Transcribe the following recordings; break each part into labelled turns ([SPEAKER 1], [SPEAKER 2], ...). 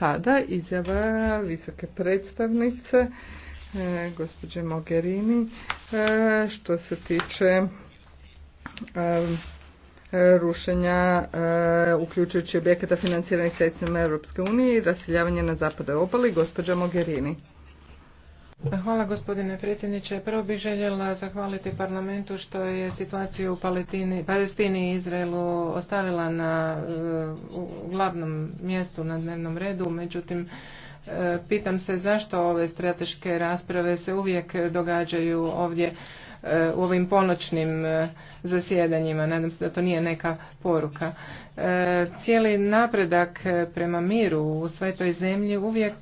[SPEAKER 1] Sada izjava visoke predstavnice e, gospođe Mogherini e, što se tiče e, rušenja uključujući objekata financiranih sredstvima Europske unije i raseljavanje na zapadnoj obali gospođa Mogherini.
[SPEAKER 2] Hvala gospodine predsjedniče. Prvo bih željela zahvaliti parlamentu što je situaciju u Palestini i Izraelu ostavila na eh, glavnom mjestu na dnevnom redu, međutim eh, pitam se zašto ove strateške rasprave se uvijek događaju ovdje E, u ovim ponoćnim e, zasjedanjima. Nadam se da to nije neka poruka. E, cijeli napredak prema miru u svetoj zemlji uvijek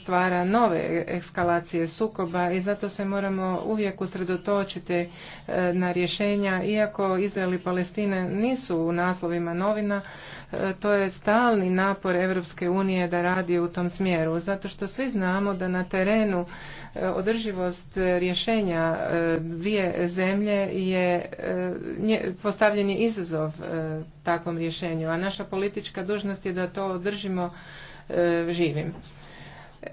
[SPEAKER 2] stvara nove ekskalacije sukoba i zato se moramo uvijek usredotočiti na rješenja. Iako Izrael i Palestina nisu u naslovima novina, to je stalni napor Europske unije da radi u tom smjeru, zato što svi znamo da na terenu e, održivost rješenja e, dvije zemlje je e, postavljen je izazov takvom rješenju, a naša politička dužnost je da to održimo živim.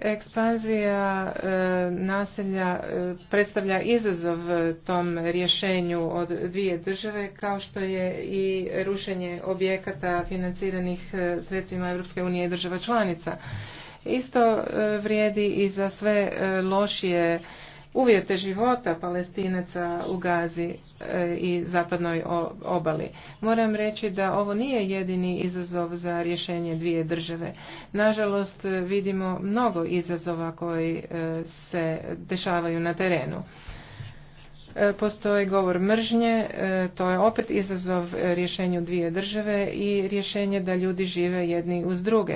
[SPEAKER 2] Ekspanzija e, naselja e, predstavlja izazov tom rješenju od dvije države kao što je i rušenje objekata financiranih e, sredstvima Europske unije i država članica. Isto vrijedi i za sve lošije uvjete života palestinaca u Gazi e, i zapadnoj obali. Moram reći da ovo nije jedini izazov za rješenje dvije države. Nažalost, vidimo mnogo izazova koji e, se dešavaju na terenu. E, postoji govor mržnje, e, to je opet izazov rješenju dvije države i rješenje da ljudi žive jedni uz druge.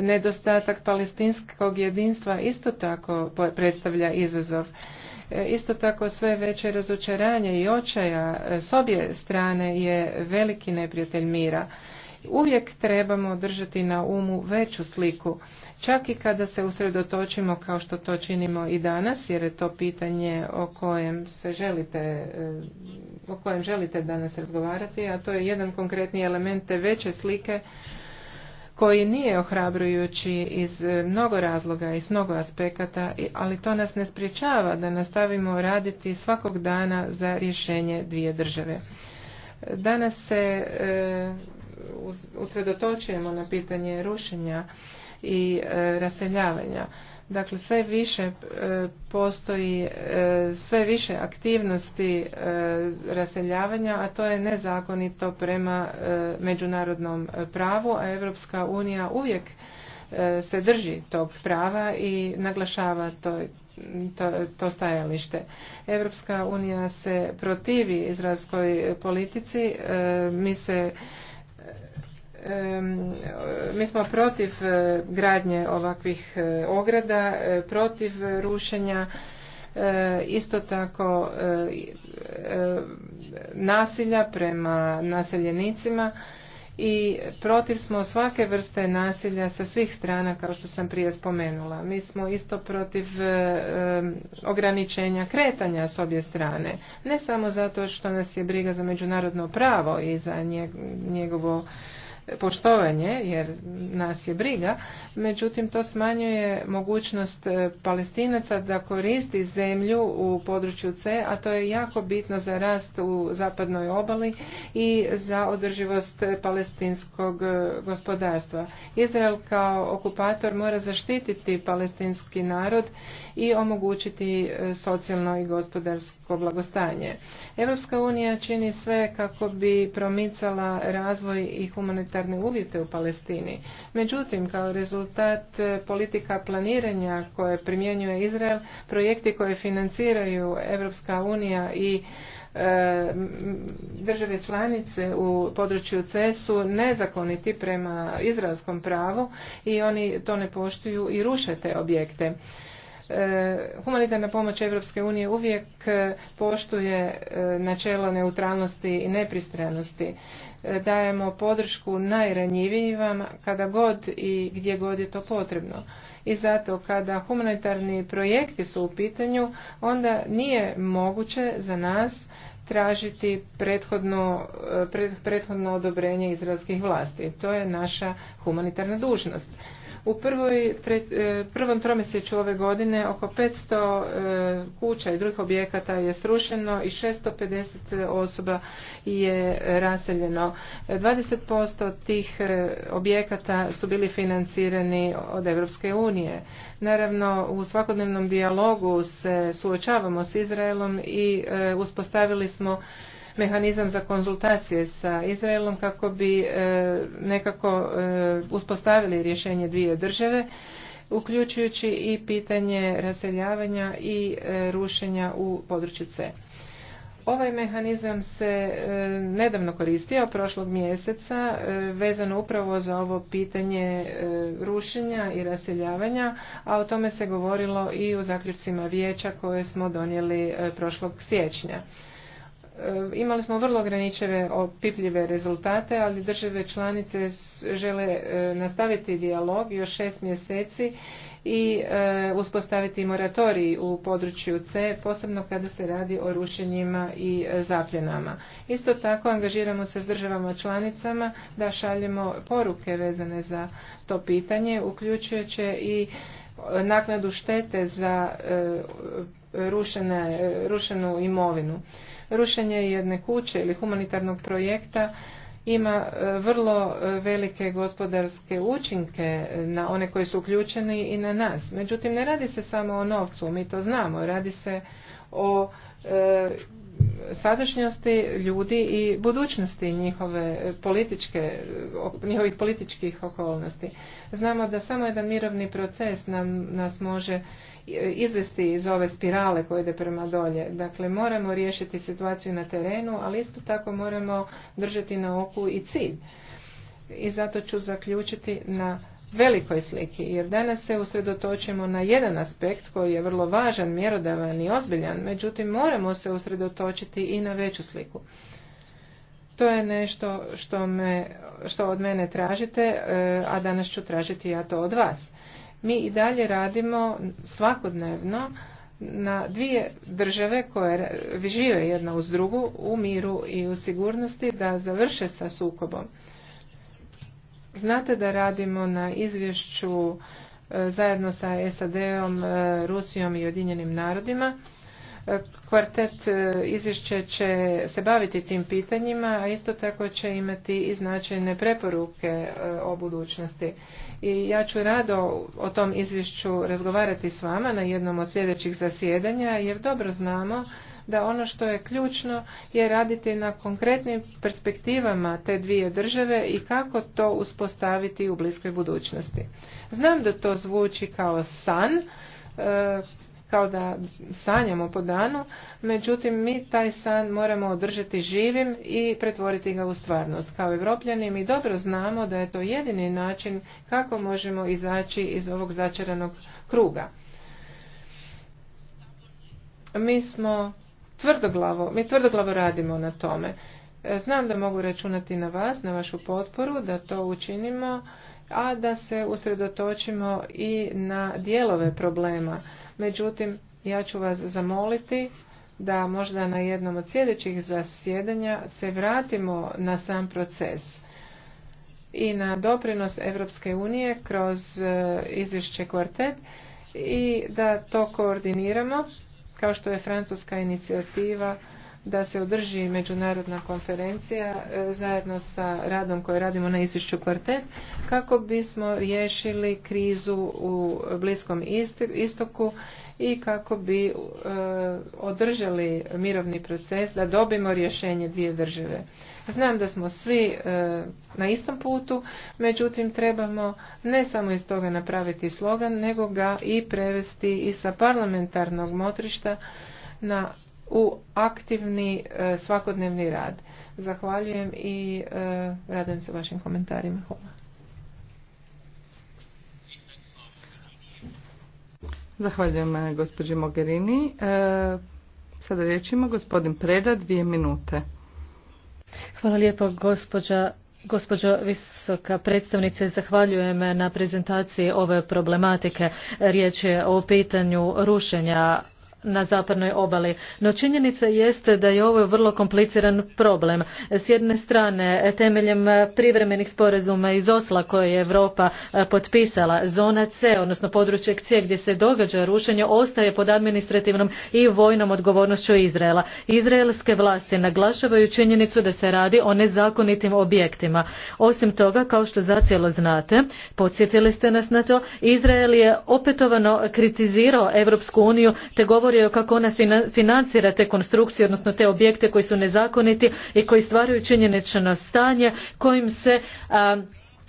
[SPEAKER 2] Nedostatak palestinskog jedinstva isto tako predstavlja izazov. E, isto tako sve veće razočaranje i očaja s obje strane je veliki neprijatelj mira. Uvijek trebamo držati na umu veću sliku. Čak i kada se usredotočimo kao što to činimo i danas, jer je to pitanje o kojem se želite, eh, o kojem želite danas razgovarati, a to je jedan konkretni element te veće slike koji nije ohrabrujući iz eh, mnogo razloga, iz mnogo aspekata, ali to nas ne spriječava da nastavimo raditi svakog dana za rješenje dvije države. Danas se eh, usredotočujemo na pitanje rušenja i e, raseljavanja. Dakle, sve više e, postoji, e, sve više aktivnosti raseljavanja, a to je nezakonito prema međunarodnom pravu, a Europska unija uvijek se drži tog prava i naglašava to stajalište. Europska unija se protivi izraelskoj politici. mi se mi smo protiv e, gradnje ovakvih e, ograda, e, protiv rušenja, isto tako nasilja prema naseljenicima i protiv smo svake vrste nasilja sa svih strana kao što sam prije spomenula. Mi smo isto protiv ograničenja kretanja s obje strane, ne samo zato što nas je briga za međunarodno pravo i za njegovo poštovanje jer nas je briga, međutim to smanjuje mogućnost e, palestinaca da koristi zemlju u području C, a to je jako bitno za rast u zapadnoj obali i za održivost palestinskog e, gospodarstva. Izrael kao okupator mora zaštititi palestinski narod i omogućiti e, socijalno i gospodarsko blagostanje. Europska unija čini sve kako bi promicala razvoj i humanitarnost humanitarne uvjete u Palestini. Međutim, kao rezultat e, politika planiranja koje primjenjuje Izrael, projekti koje financiraju Europska unija i e, države članice u području cesu su nezakoniti prema izraelskom pravu i oni to ne poštuju i ruše te objekte. E, humanitarna pomoć Europske unije uvijek e, poštuje e, načelo neutralnosti i nepristranosti. Dajemo podršku najranjivijima kada god i gdje god je to potrebno. I zato kada humanitarni projekti su u pitanju, onda nije moguće za nas tražiti prethodno odobrenje izraelskih vlasti. To je naša humanitarna dužnost. U prvoj, e, prvom tromjesečju ove godine oko 500 e, kuća i drugih objekata je srušeno i 650 osoba je raseljeno. 20% tih e, objekata su bili financirani od Europske unije. Naravno, u svakodnevnom dijalogu se suočavamo s Izraelom i uspostavili smo mehanizam za konzultacije sa Izraelom kako bi e, nekako e, uspostavili rješenje dvije države uključujući i pitanje raseljavanja i e, rušenja u području C. Ovaj mehanizam se nedavno koristio prošlog mjeseca vezano upravo za ovo pitanje rušenja i raseljavanja, a o tome se govorilo i u zaključcima vijeća koje smo donijeli prošlog siječnja. E, imali smo vrlo ograničene opipljive rezultate, ali države članice žele e, nastaviti dijalog još šest mjeseci i e, uspostaviti moratorij u području C, posebno kada se radi o rušenjima i zapljenama. Isto tako angažiramo se s državama članicama da šaljemo poruke vezane za to pitanje, uključujući i naknadu štete za rušenu imovinu rušenje jedne kuće ili humanitarnog projekta ima e, vrlo e, velike gospodarske učinke e, na one koji su uključeni i na nas. Međutim, ne radi se samo o novcu, mi to znamo, radi se o sadašnjosti ljudi i budućnosti njihove e, političke, e, njihovih političkih okolnosti. Znamo da samo jedan mirovni proces nam, nas može e, izvesti iz ove spirale koje ide prema dolje. Dakle, moramo riješiti situaciju na terenu, ali isto tako moramo držati na oku i cilj. I zato ću zaključiti na velikoj sliki, jer danas se usredotočimo na jedan aspekt koji je vrlo važan, mjerodavan i ozbiljan, međutim moramo se usredotočiti i na veću sliku. To je nešto što, me, što od mene tražite, eh, a danas ću tražiti ja to od vas. Mi i dalje radimo svakodnevno na dvije države koje žive jedna uz drugu u miru i u sigurnosti da završe sa sukobom. Znate da radimo na izvješću e, zajedno sa SAD-om, e, Rusijom i Ujedinjenim narodima. E, kvartet izvješće će se baviti tim pitanjima, a isto tako će imati i značajne preporuke o budućnosti. I ja ću rado o tom izvješću razgovarati s vama na jednom od sljedećih zasjedanja, jer dobro znamo da ono što je ključno je raditi na konkretnim perspektivama te dvije države i kako to uspostaviti u bliskoj budućnosti. Znam da to zvuči kao san, e, kao da sanjamo po danu, međutim mi taj san moramo održati živim i pretvoriti ga u stvarnost. Kao evropljani mi dobro znamo da je to jedini način kako možemo izaći iz ovog začaranog kruga. Mi smo tvrdoglavo, mi tvrdoglavo radimo na tome. E, znam da mogu računati na vas, na vašu potporu, da to učinimo, a da se usredotočimo i na dijelove problema. Međutim, ja ću vas zamoliti da možda na jednom od sljedećih zasjedanja se vratimo na sam proces i na doprinos Evropske unije kroz e, izvješće kvartet i da to koordiniramo kao što je francuska inicijativa da se održi međunarodna konferencija e, zajedno sa radom koje radimo na izvješću kvartet kako bismo riješili krizu u Bliskom istoku i kako bi e, održali mirovni proces da dobimo rješenje dvije države. Znam da smo svi e, na istom putu, međutim trebamo ne samo iz toga napraviti slogan, nego ga i prevesti i sa parlamentarnog motrišta na u aktivni e, svakodnevni rad. Zahvaljujem i e, se vašim komentarima. Hvala.
[SPEAKER 1] Zahvaljujem e, gospođi Mogherini. Sada riječ gospodin Preda, dvije minute. Hvala
[SPEAKER 3] lijepo gospođa Gospođo visoka predstavnice, zahvaljujem na prezentaciji ove problematike. Riječ je o pitanju rušenja na zapadnoj obali. No činjenica jeste da je ovo vrlo kompliciran problem. S jedne strane, temeljem privremenih sporazuma iz Osla koje je Europa e, potpisala, zona C, odnosno područje C gdje se događa rušenje, ostaje pod administrativnom i vojnom odgovornošću Izraela. Izraelske vlasti naglašavaju činjenicu da se radi o nezakonitim objektima. Osim toga, kao što zacijelo znate, podsjetili ste nas na to, Izrael je opetovano kritizirao Europsku uniju te govori govorio kako ona financira te konstrukcije, odnosno te objekte koji su nezakoniti i koji stvaraju činjenično stanje kojim se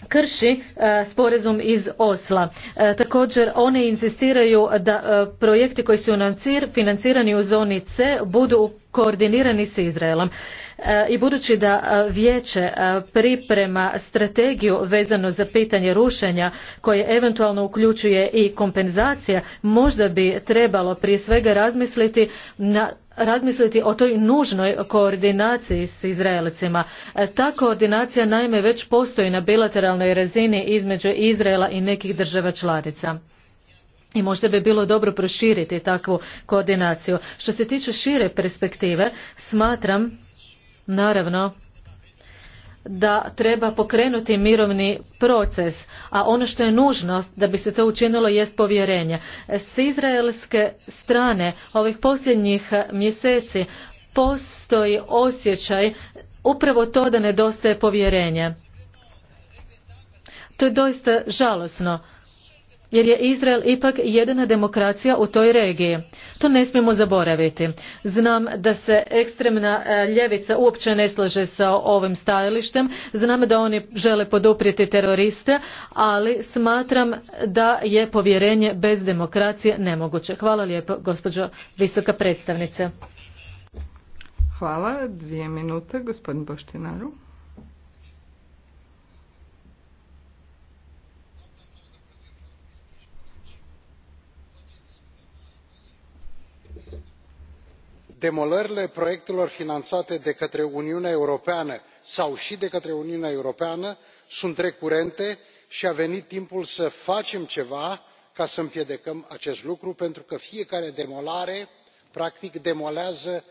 [SPEAKER 3] krši sporazum iz Osla. također one inzistiraju da projekti koji su financirani u zoni C budu koordinirani s Izraelom i budući da e, vijeće e, priprema strategiju vezano za pitanje rušenja koje eventualno uključuje i kompenzacija, možda bi trebalo prije svega razmisliti razmisliti o toj nužnoj koordinaciji s Izraelcima. E, ta koordinacija naime već postoji na bilateralnoj razini između Izraela i nekih država članica. I možda bi bilo dobro proširiti takvu koordinaciju. Što se tiče šire perspektive, smatram naravno da treba pokrenuti mirovni proces, a ono što je nužnost da bi se to učinilo jest povjerenje. S izraelske strane ovih posljednjih mjeseci postoji osjećaj upravo to da nedostaje povjerenje. To je doista žalosno jer je Izrael ipak jedina demokracija u toj regiji. To ne smijemo zaboraviti. Znam da se ekstremna e, ljevica uopće ne slaže sa ovim stajalištem, znam da oni žele poduprijeti teroriste, ali smatram da je povjerenje bez demokracije nemoguće. Hvala lijepo, gospođo visoka predstavnice.
[SPEAKER 1] Hvala. Dvije minute, gospodin Boštinaru.
[SPEAKER 4] demolările proiectelor finanțate de către uniunea europeană sau și de către uniunea europeană sunt recurente și a venit timpul să facem ceva ca să împiedicăm acest lucru pentru că fiecare demolare practic demolează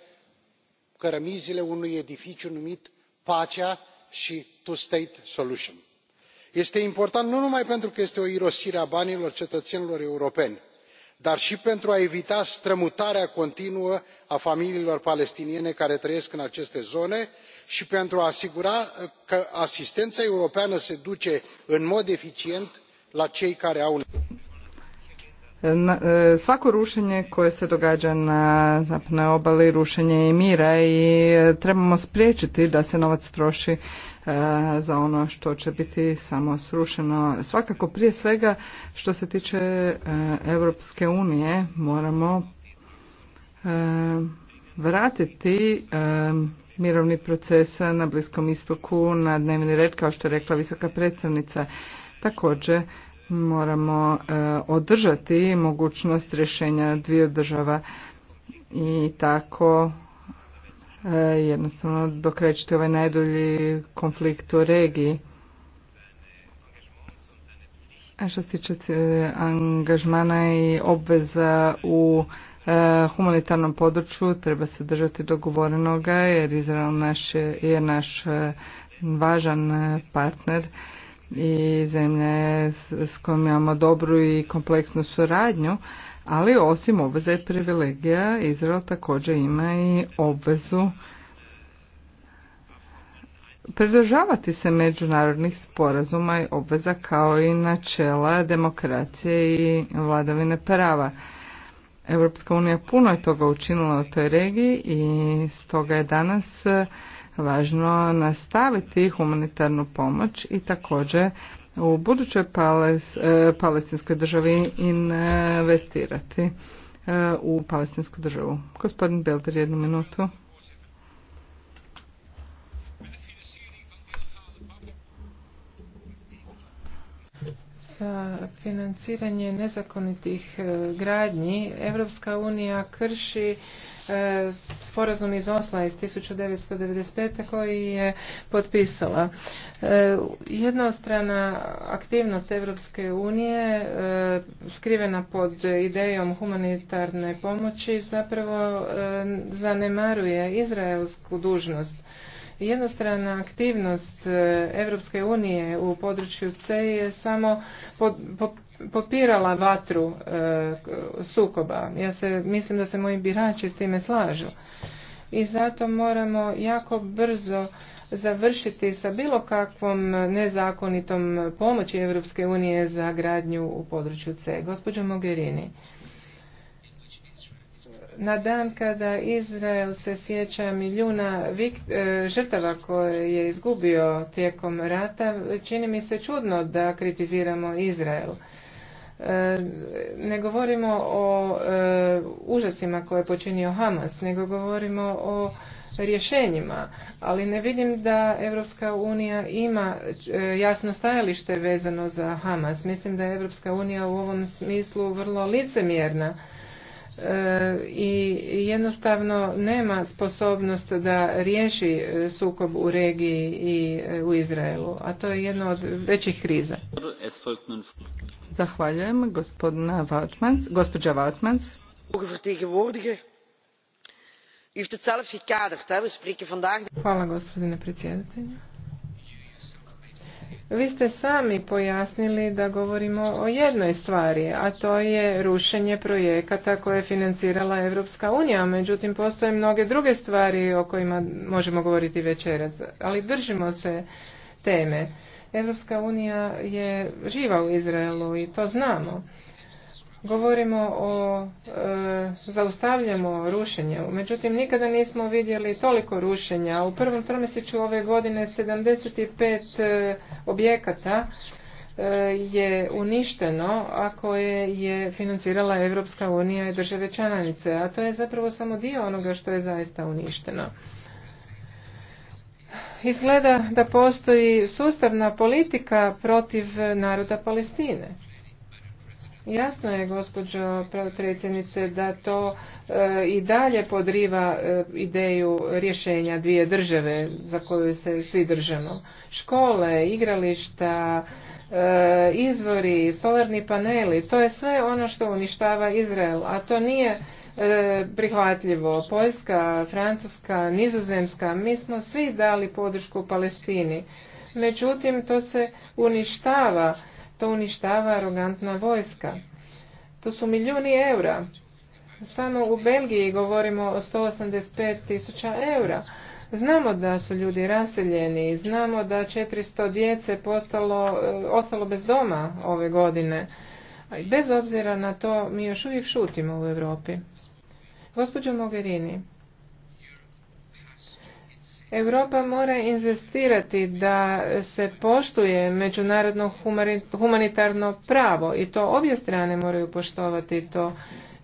[SPEAKER 4] cărămizile unui edificiu numit pacea și two state solution. este important nu numai pentru că este o irosire a banilor cetățenilor europeni dar și pentru a evita strămutarea continuă a familiilor palestiniene care trăiesc în aceste zone și pentru a asigura uh, că asistența europeană se duce în mod eficient la cei care au nevoie.
[SPEAKER 1] E, svako rušenje koje se događa na zapadnoj obali rušenje i mira i e, trebamo spriječiti da se novac troši e, za ono što će biti samo srušeno. Svakako prije svega što se tiče Europske unije moramo vratiti mirovni proces na Bliskom istoku na dnevni red kao što je rekla visoka predstavnica. Također moramo e, održati mogućnost rješenja dvije država i tako e, jednostavno dokrećiti ovaj najdulji konflikt u regiji. A što se tiče e, angažmana i obveza u humanitarnom području treba se držati dogovorenoga jer Izrael naš je naš važan partner i zemlje s kojima imamo dobru i kompleksnu suradnju, ali osim obveze i privilegija Izrael također ima i obvezu pridržavati se međunarodnih sporazuma i obveza kao i načela demokracije i vladavine prava. Europska unija puno je toga učinila u toj regiji i stoga je danas važno nastaviti humanitarnu pomoć i također u budućoj e, palestinskoj državi investirati e, u palestinsku državu. Gospodin Belder, jednu minutu.
[SPEAKER 2] za financiranje nezakonitih e, gradnji Evropska unija krši E, sporazum iz Osla iz 1995. koji je potpisala. E, jednostrana aktivnost Europske unije e, skrivena pod idejom humanitarne pomoći zapravo zanemaruje izraelsku dužnost. Jednostrana aktivnost Europske unije u području C je samo popirala vatru e, sukoba. Ja se mislim da se moji birači s time slažu. I zato moramo jako brzo završiti sa bilo kakvom nezakonitom pomoći Europske unije za gradnju u području C. Gospođo Mogherini, na dan kada Izrael se sjeća milijuna e, žrtava koje je izgubio tijekom rata, čini mi se čudno da kritiziramo Izrael. E, ne govorimo o e, užasima koje je počinio Hamas, nego govorimo o rješenjima, ali ne vidim da Europska unija ima e, jasno stajalište vezano za Hamas. Mislim da je Europska unija u ovom smislu vrlo licemjerna E, i jednostavno nema sposobnost da riješi e, sukob u regiji i e, u
[SPEAKER 1] Izraelu, a to je jedna od većih kriza. Zahvaljujem, gospodina Vautmans, gospođa Vautmans. Hvala, gospodine predsjedatelju.
[SPEAKER 2] Vi ste sami pojasnili da govorimo o jednoj stvari, a to je rušenje projekata koje je financirala Europska unija. Međutim, postoje mnoge druge stvari o kojima možemo govoriti večeras, ali držimo se teme. Europska unija je živa u Izraelu i to znamo govorimo o e, zaustavljamo rušenje međutim nikada nismo vidjeli toliko rušenja u prvom tromjesečju ove godine 75 e, objekata e, je uništeno a koje je financirala Europska unija i države članice a to je zapravo samo dio onoga što je zaista uništeno izgleda da postoji sustavna politika protiv naroda Palestine Jasno je, gospođo predsjednice, da to e, i dalje podriva e, ideju rješenja dvije države za koju se svi držamo. Škole, igrališta, e, izvori, solarni paneli, to je sve ono što uništava Izrael, a to nije prihvatljivo. Poljska, Francuska, Nizozemska, mi smo svi dali podršku Palestini. Međutim, to se uništava to uništava arogantna vojska. To su milijuni eura. Samo u Belgiji govorimo o 185 tisuća eura. Znamo da su ljudi raseljeni, znamo da 400 djece postalo, e, ostalo bez doma ove godine. bez obzira na to mi još uvijek šutimo u Europi. Gospođo Mogherini, Europa mora inzistirati da se poštuje međunarodno humanitarno pravo i to obje strane moraju poštovati to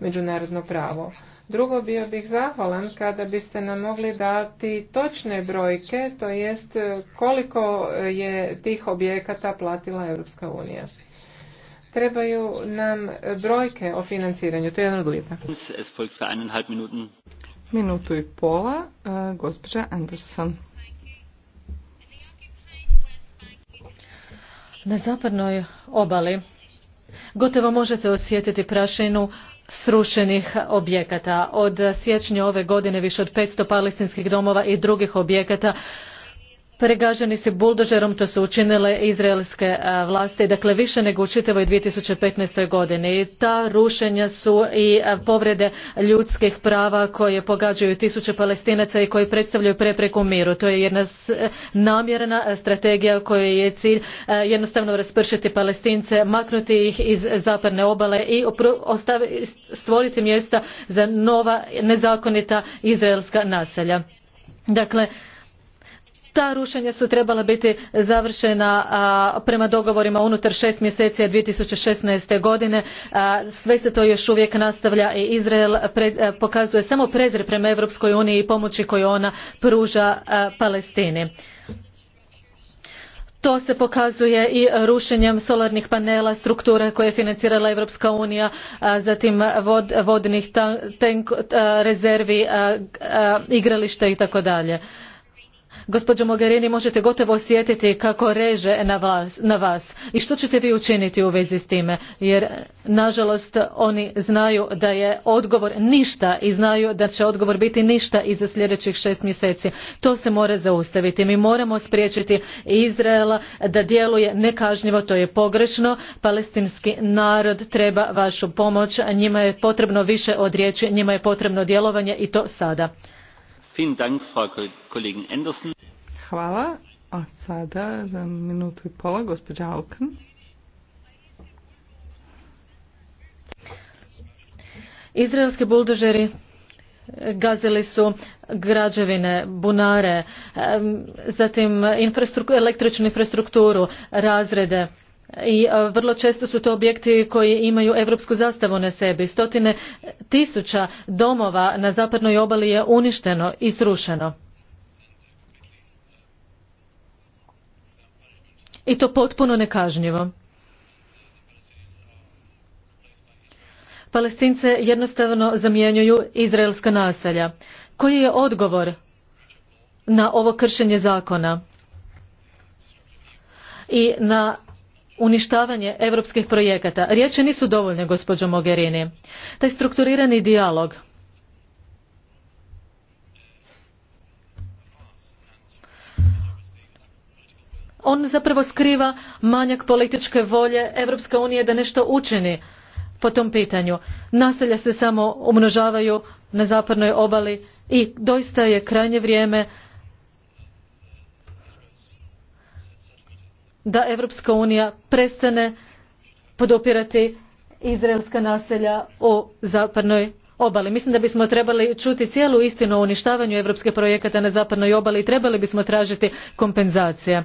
[SPEAKER 2] međunarodno pravo. Drugo, bio bih zahvalan kada biste nam mogli dati točne brojke, to jest koliko je tih objekata platila Europska unija. Trebaju nam brojke o financiranju, to je jedan od uvjeta minutu
[SPEAKER 3] i pola, e, gospođa Anderson. Na zapadnoj obali gotovo možete osjetiti prašinu srušenih objekata. Od siječnja ove godine više od 500 palestinskih domova i drugih objekata pregaženi se buldožerom to su učinile izraelske e, vlasti dakle više nego u čitavoj. two thousand and godini ta rušenja su i e, povrede ljudskih prava koje pogađaju tisuće palestinaca i koji predstavljaju prepreku miru to je jedna e, namjerna strategija kojoj je cilj jednostavno raspršiti palestince maknuti ih iz zapadne obale i stvoriti mjesta za nova nezakonita izraelska naselja dakle ta rušenja su trebala biti završena prema dogovorima unutar šest mjeseci dvije two thousand godine sve se to još uvijek nastavlja i izrael pokazuje samo prezir prema europskoj uniji i pomoći koju ona pruža palestini to se pokazuje i rušenjem solarnih panela strukture koje je financirala europska unija zatim vodnih tank, rezervi igrališta i tako dalje gospođo Mogherini, možete gotovo osjetiti kako reže na vas, I što ćete vi učiniti u vezi s time? Jer, nažalost, oni znaju da je odgovor ništa i znaju da će odgovor biti ništa i za sljedećih šest mjeseci. To se mora zaustaviti. Mi moramo spriječiti Izraela da djeluje nekažnjivo, to je pogrešno. Palestinski narod treba vašu pomoć, njima je potrebno više od riječi, njima je potrebno djelovanje i to sada. Hvala. A sada
[SPEAKER 1] za minutu i pola gospođa Auken.
[SPEAKER 3] Izraelski buldožeri gazili su građevine, bunare, zatim infrastrukturu, električnu infrastrukturu, razrede i e, vrlo često su to objekti koji imaju europsku zastavu na sebi. Stotine tisuća domova na zapadnoj obali je uništeno i srušeno. I to potpuno nekažnjivo. Palestince jednostavno zamjenjuju izraelska naselja. Koji je odgovor na ovo kršenje zakona i na uništavanje europskih projekata. Riječi nisu dovoljne, gospođo Mogherini. Taj strukturirani dijalog on zapravo skriva manjak političke volje Europske unije da nešto učini po tom pitanju. Naselja se samo umnožavaju na zapadnoj obali i doista je krajnje vrijeme da Europska unija prestane podopirati izraelska naselja u zapadnoj obali. Mislim da bismo trebali čuti cijelu istinu o uništavanju europskih projekata na zapadnoj obali i trebali bismo tražiti kompenzacije.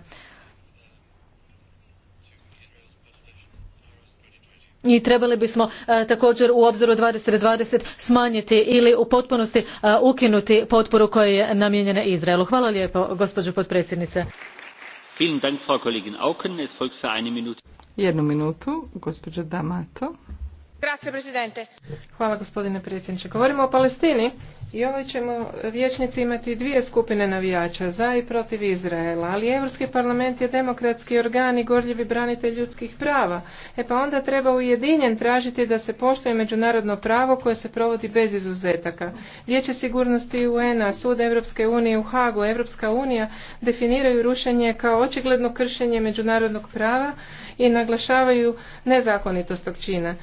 [SPEAKER 3] i trebali bismo e, također u obzoru 2020 smanjiti ili u potpunosti e, ukinuti potporu koja je namijenjena izraelu. hvala lijepo gospođo potpredsjednice. Jednu minutu, gospođa D'Amato.
[SPEAKER 2] Hvala gospodine predsjedniče. Govorimo o Palestini i ovoj ćemo vječnici imati dvije skupine navijača za i protiv Izraela, ali Europski parlament je demokratski organ i gorljivi branitelj ljudskih prava. E pa onda treba ujedinjen tražiti da se poštuje međunarodno pravo koje se provodi bez izuzetaka. Vijeće sigurnosti UN-a, Sud Europske unije u Hagu, Europska unija definiraju rušenje kao očigledno kršenje međunarodnog prava i naglašavaju nezakonitost tog čina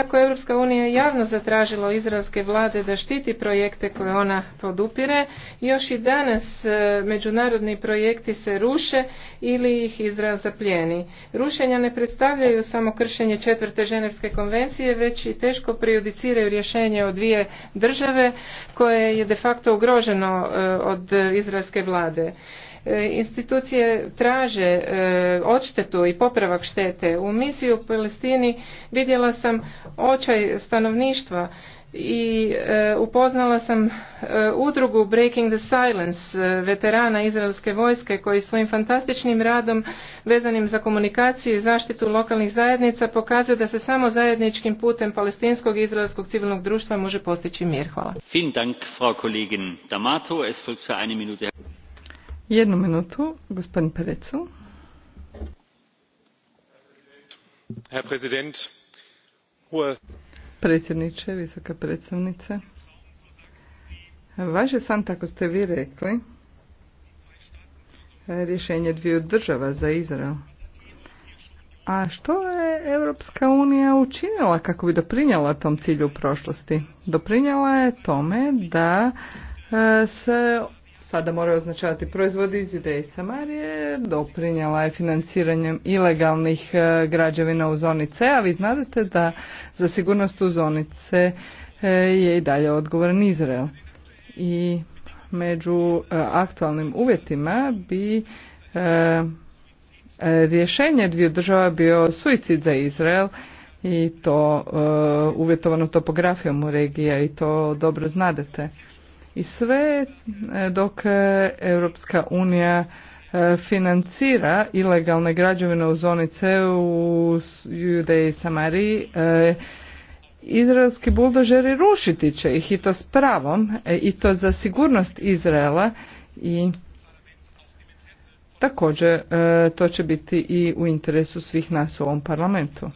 [SPEAKER 2] iako je Europska unija javno zatražila izraelske vlade da štiti projekte koje ona podupire, još i danas e, međunarodni projekti se ruše ili ih Izrael zapljeni. Rušenja ne predstavljaju samo kršenje četvrte ženevske konvencije, već i teško prejudiciraju rješenje od dvije države koje je de facto ugroženo e, od izraelske vlade. E, institucije traže e, odštetu i popravak štete. U misiji u Palestini vidjela sam očaj stanovništva i e, upoznala sam udrugu Breaking the Silence veterana izraelske vojske koji svojim fantastičnim radom vezanim za komunikaciju i zaštitu lokalnih zajednica pokazuje da se samo zajedničkim putem palestinskog i izraelskog civilnog društva može postići mir. Hvala.
[SPEAKER 1] Jednu minutu, gospodin Perecu.
[SPEAKER 3] Herr Präsident,
[SPEAKER 1] Predsjedniče, visoka predstavnice. Vaš je san, tako ste vi rekli, rješenje dviju država za Izrael. A što je Europska unija učinila kako bi doprinjala tom cilju u prošlosti? Doprinjala je tome da e, se sada moraju označavati proizvodi iz Judeje i Samarije, doprinjala je financiranjem ilegalnih e, građevina u zoni C, a vi znate da za sigurnost u zoni e, je i dalje odgovoran Izrael. I među e, aktualnim uvjetima bi rješenje dviju država bio suicid za Izrael i to uvjetovano topografijom u regija i to dobro znadete. I sve e, dok e, Europska unija e, financira ilegalne građevine u zoni C u Judeji i Samariji, izraelski buldožeri rušiti će ih i to s pravom i to za sigurnost Izraela i također to će biti i u interesu svih nas u ovom parlamentu.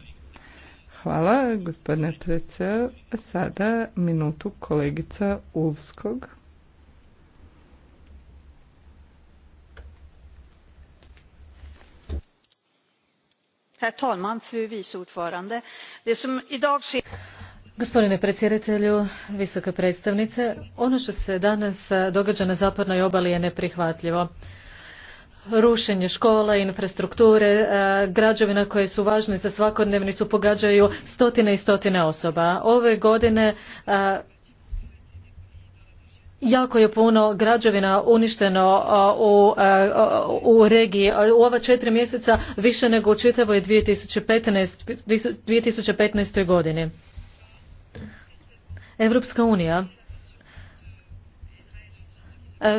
[SPEAKER 1] Hvala, gospodine predsjel. Sada minutu kolegica Ulskog.
[SPEAKER 3] Herr talman, fru vice ordförande. Det som Gospodine predsjedatelju, visoka predstavnice, ono što se danas događa na zapadnoj obali je neprihvatljivo rušenje škola, infrastrukture, e, građevina koje su važne za svakodnevnicu pogađaju stotine i stotine osoba. Ove godine e, Jako je puno građevina uništeno e, u, regiji. U ova četiri mjeseca više nego u čitavoj 2015, 2015. godini. Evropska unija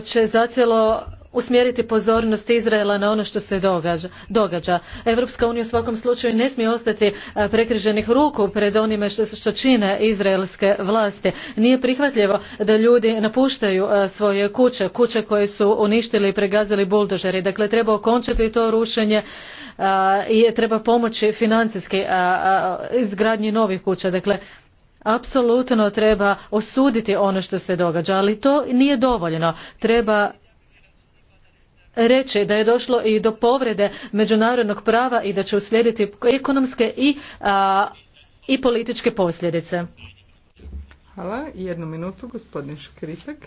[SPEAKER 3] će zacijelo usmjeriti pozornost Izraela na ono što se događa. događa. Evropska unija u svakom slučaju ne smije ostati e, prekriženih ruku pred onime što, čine izraelske vlasti. Nije prihvatljivo da ljudi napuštaju e, svoje kuće, kuće koje su uništili i pregazili buldožeri. Dakle, treba okončati to rušenje e, i treba pomoći financijski izgradnji novih kuća. Dakle, apsolutno treba osuditi ono što se događa, ali to nije dovoljno. Treba reći da je došlo i do povrede međunarodnog prava i da će uslijediti ekonomske i, i političke posljedice.
[SPEAKER 1] Hvala. Jednu minutu, gospodin Škripek.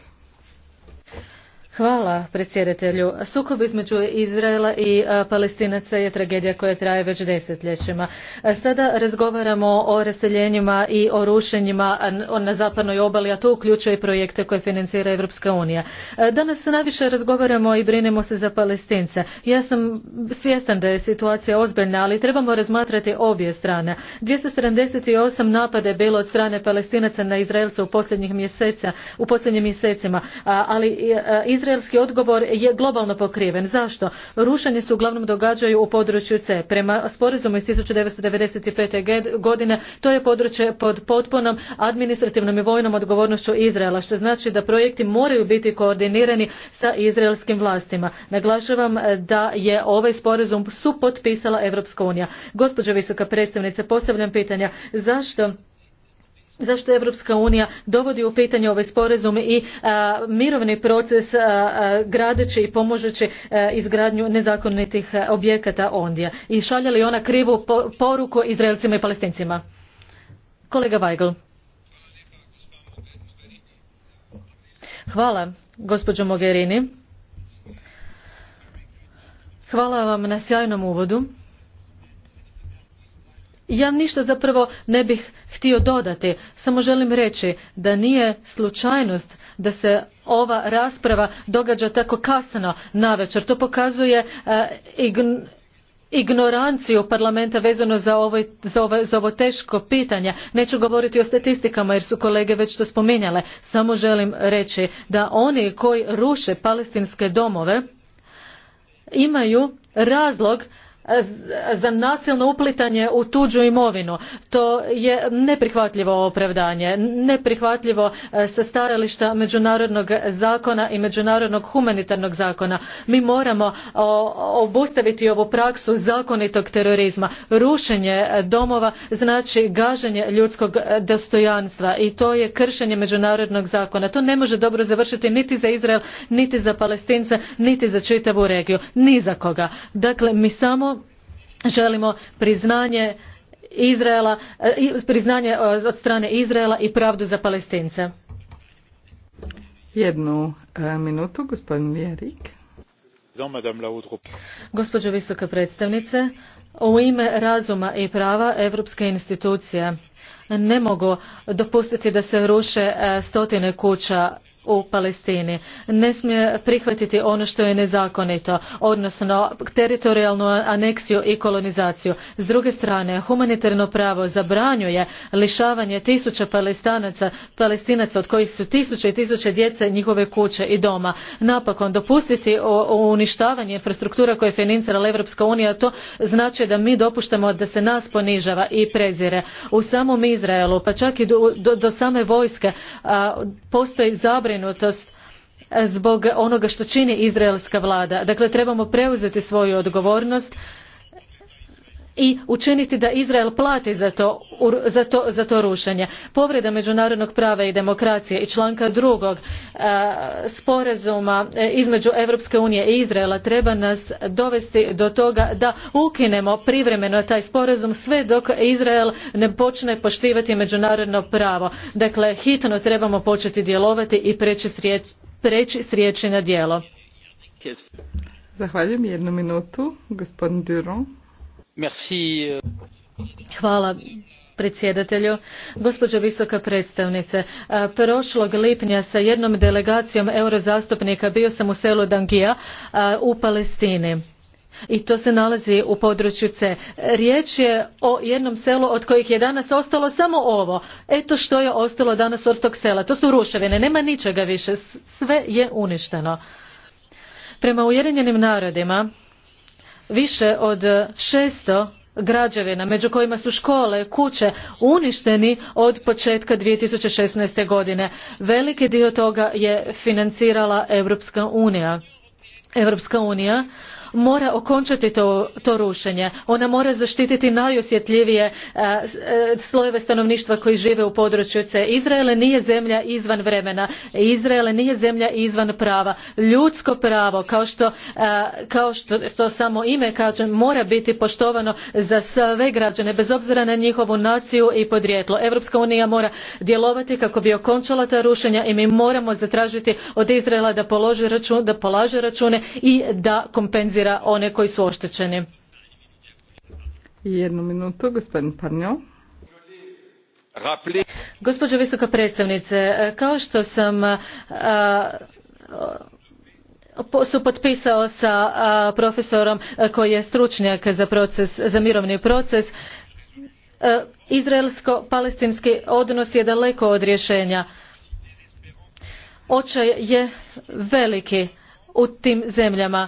[SPEAKER 3] Hvala predsjedatelju. Sukob između Izraela i e, Palestinaca je tragedija koja traje već desetljećima. E, sada razgovaramo o raseljenjima i o rušenjima na zapadnoj obali, a to uključuje i projekte koje financira Europska unija. E, danas najviše razgovaramo i brinemo se za Palestince. Ja sam svjestan da je situacija ozbiljna, ali trebamo razmatrati obje strane. 278 napada bilo od strane Palestinaca na Izraelcu u posljednjih mjeseca, u posljednjim mjesecima, ali Izrael Izraelski odgovor je globalno pokriven. Zašto? Rušenje se uglavnom događaju u području C. Prema sporazumu iz 1995. godine to je područje pod potpunom administrativnom i vojnom odgovornošću Izraela, što znači da projekti moraju biti koordinirani sa izraelskim vlastima. Naglašavam eh, da je ovaj sporazum supotpisala Europska unija. Gospođo visoka predstavnice, postavljam pitanja zašto zašto Europska unija dovodi u pitanje ovaj sporazum i mirovni proces gradeći i pomožeći izgradnju nezakonitih objekata ondje i šalje li ona krivu poruku Izraelcima i Palestincima? Kolega Weigl. Hvala, gospođo Mogherini. Hvala vam na sjajnom uvodu. Ja ništa zapravo ne bih htio dodati, samo želim reći da nije slučajnost da se ova rasprava događa tako kasno na večer. To pokazuje e, ignoranciju parlamenta vezano za ovo, za, ovo, za ovo teško pitanje. Neću govoriti o statistikama jer su kolege već to spominjale. Samo želim reći da oni koji ruše palestinske domove imaju razlog za nasilno uplitanje u tuđu imovinu. To je neprihvatljivo opravdanje, neprihvatljivo e, sa stajališta međunarodnog zakona i međunarodnog humanitarnog zakona. Mi moramo obustaviti ovu praksu zakonitog terorizma. Rušenje domova znači gaženje ljudskog dostojanstva i to je kršenje međunarodnog zakona. To ne može dobro završiti niti za Izrael, niti za Palestince, niti za čitavu regiju, ni za koga. Dakle, mi samo želimo priznanje Izraela, e, priznanje e, od strane Izraela i pravdu za Palestince.
[SPEAKER 1] Jednu
[SPEAKER 3] e, minutu, gospodin Gospođo visoka predstavnice, u ime razuma i prava Europske institucije ne mogu dopustiti da se ruše stotine kuća u Palestini ne smije prihvatiti ono što je nezakonito, odnosno teritorijalnu aneksiju i kolonizaciju. S druge strane, humanitarno pravo zabranjuje lišavanje tisuća palestinaca, od kojih su tisuće i tisuće djece njihove kuće i doma. Napakon, dopustiti uništavanje infrastruktura koje je financirala Europska unija, to znači da mi dopuštamo da se nas ponižava i prezire. U samom Izraelu, pa čak i do, same vojske, postoji zabranje zabrinutost zbog onoga što čini izraelska vlada. dakle trebamo preuzeti svoju odgovornost i učiniti da Izrael plati za to, rušenje. Povreda međunarodnog prava i demokracije i članka drugog e, sporazuma e, između Europske unije i Izraela treba nas dovesti do toga da ukinemo privremeno taj sporazum sve dok Izrael ne počne poštivati međunarodno pravo. Dakle, hitno trebamo početi djelovati i preći s, riječi na djelo. Zahvaljujem jednu minutu, gospodin
[SPEAKER 4] Euh.
[SPEAKER 3] Hvala predsjedatelju. Gospođo visoka predstavnice, e, prošlog lipnja sa jednom delegacijom eurozastupnika bio sam u selu Dangija e, u Palestini i to se nalazi u području C. Riječ je o jednom selu od kojih je danas ostalo samo ovo. Eto što je ostalo danas od tog sela. To su ruševine, nema ničega više. Sve je uništeno. Prema Ujedinjenim narodima, više od šesto građevina, među kojima su škole, kuće, uništeni od početka 2016. godine. Veliki dio toga je financirala Europska unija. Europska unija mora okončati to, to rušenje ona mora zaštititi najosjetljivije e, e, slojeve stanovništva koji žive u području c izrael nije zemlja izvan vremena izrael nije zemlja izvan prava ljudsko pravo kao što, e, kao samo ime kaže mora biti poštovano za sve građane bez obzira na njihovu naciju i podrijetlo europska unija mora djelovati kako bi okončala ta rušenja i mi moramo zatražiti od izraela da, položi račun, da polaže račune i da kompenzira obzira one koji su oštećeni.
[SPEAKER 1] Jednu minutu, gospodin
[SPEAKER 3] Gospođo visoka predstavnice, kao što sam supotpisao potpisao sa profesorom koji je stručnjak za, proces, za mirovni proces, izraelsko-palestinski odnos je daleko od rješenja. Očaj je veliki u tim zemljama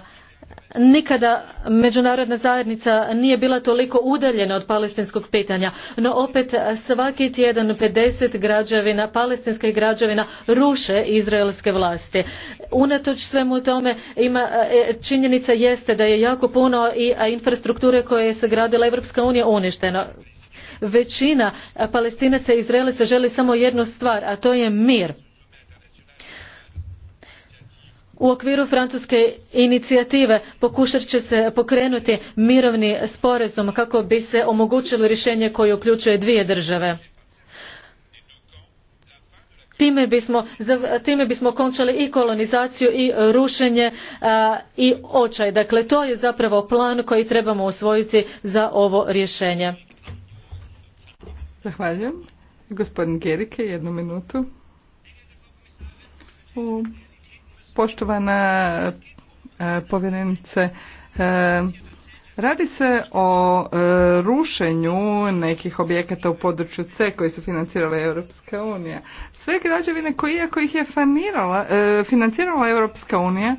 [SPEAKER 3] nikada međunarodna zajednica nije bila toliko udaljena od palestinskog pitanja no opet svaki tjedan pedeset građevina palestinskih građevina ruše izraelske vlasti unatoč svemu tome ima, e, činjenica jeste da je jako puno i infrastrukture koje je sagradila europska unija uništeno većina palestinaca i izraelaca želi samo jednu stvar a to je mir u okviru francuske inicijative pokušat će se pokrenuti mirovni sporazum kako bi se omogućilo rješenje koje uključuje dvije države. Time bismo, time končali i kolonizaciju i rušenje i očaj. Dakle, to je zapravo plan koji trebamo usvojiti za ovo rješenje. Zahvaljujem. Gospodin Gerike, jednu minutu.
[SPEAKER 1] Poštovana e, povjerenice, e, Radi se o e, rušenju nekih objekata u području C koji su financirale Europska unija. Sve građevine koje iako ih je fanirala, e, financirala Europska unija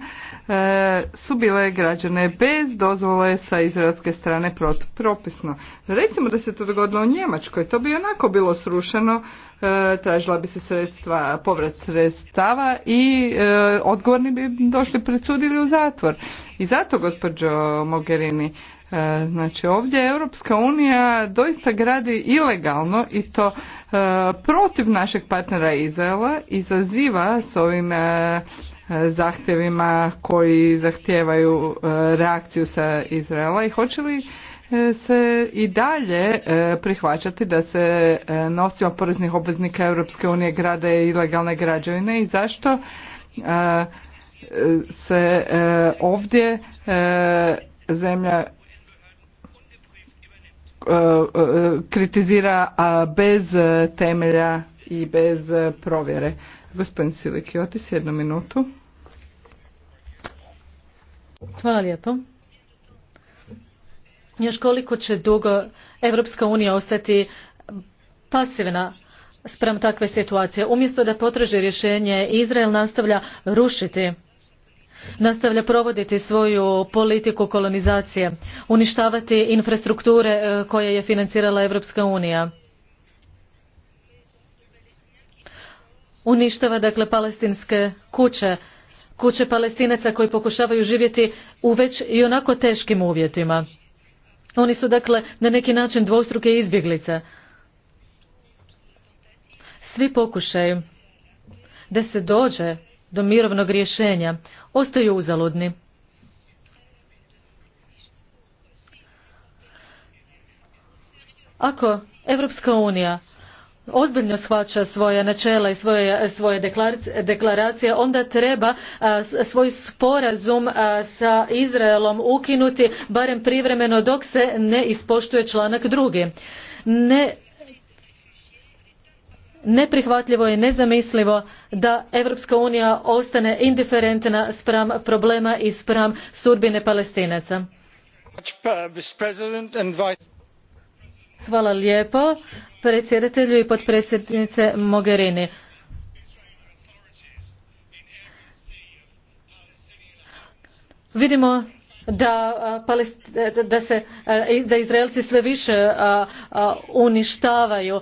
[SPEAKER 1] e, su bile građene bez dozvole sa izraelske strane propisno. Recimo da se to dogodilo u Njemačkoj, to bi onako bilo srušeno, tražila bi se sredstva, povrat sredstava i odgovorni bi došli pred sud ili u zatvor. I zato, gospođo Mogherini, e, Znači ovdje Europska unija doista gradi ilegalno i to e, protiv našeg partnera Izraela izaziva s ovim e, zahtjevima koji zahtijevaju reakciju sa Izraela i hoće li se i dalje prihvaćati da se novcima poreznih obveznika Europske unije grade ilegalne građevine i zašto se e, ovdje e, zemlja e, kritizira bez temelja i bez provjere. Gospodin otis jednu minutu.
[SPEAKER 3] Hvala lijepo. Još koliko će dugo Europska unija ostati pasivna spram takve situacije. Umjesto da potraži rješenje, Izrael nastavlja rušiti nastavlja provoditi svoju politiku kolonizacije, uništavati infrastrukture e, koje je financirala Europska unija. Uništava dakle palestinske kuće, kuće palestinaca koji pokušavaju živjeti u već i onako teškim uvjetima. Oni su dakle na neki način dvostruke izbjeglice. Svi pokušaju da se dođe do mirovnog rješenja ostaju uzaludni. Ako Europska unija ozbiljno shvaća svoja načela i svoje, svoje deklaracije onda treba svoj sporazum sa Izraelom ukinuti barem privremeno dok se ne ispoštuje članak drugi. Ne neprihvatljivo je nezamislivo da europska unija ostane indiferentna spram problema i spram sudbine palestinaca. hvala lijepo predsjedatelju i potpredsjednice mogherini. vidimo da, se Izraelci sve više uništavaju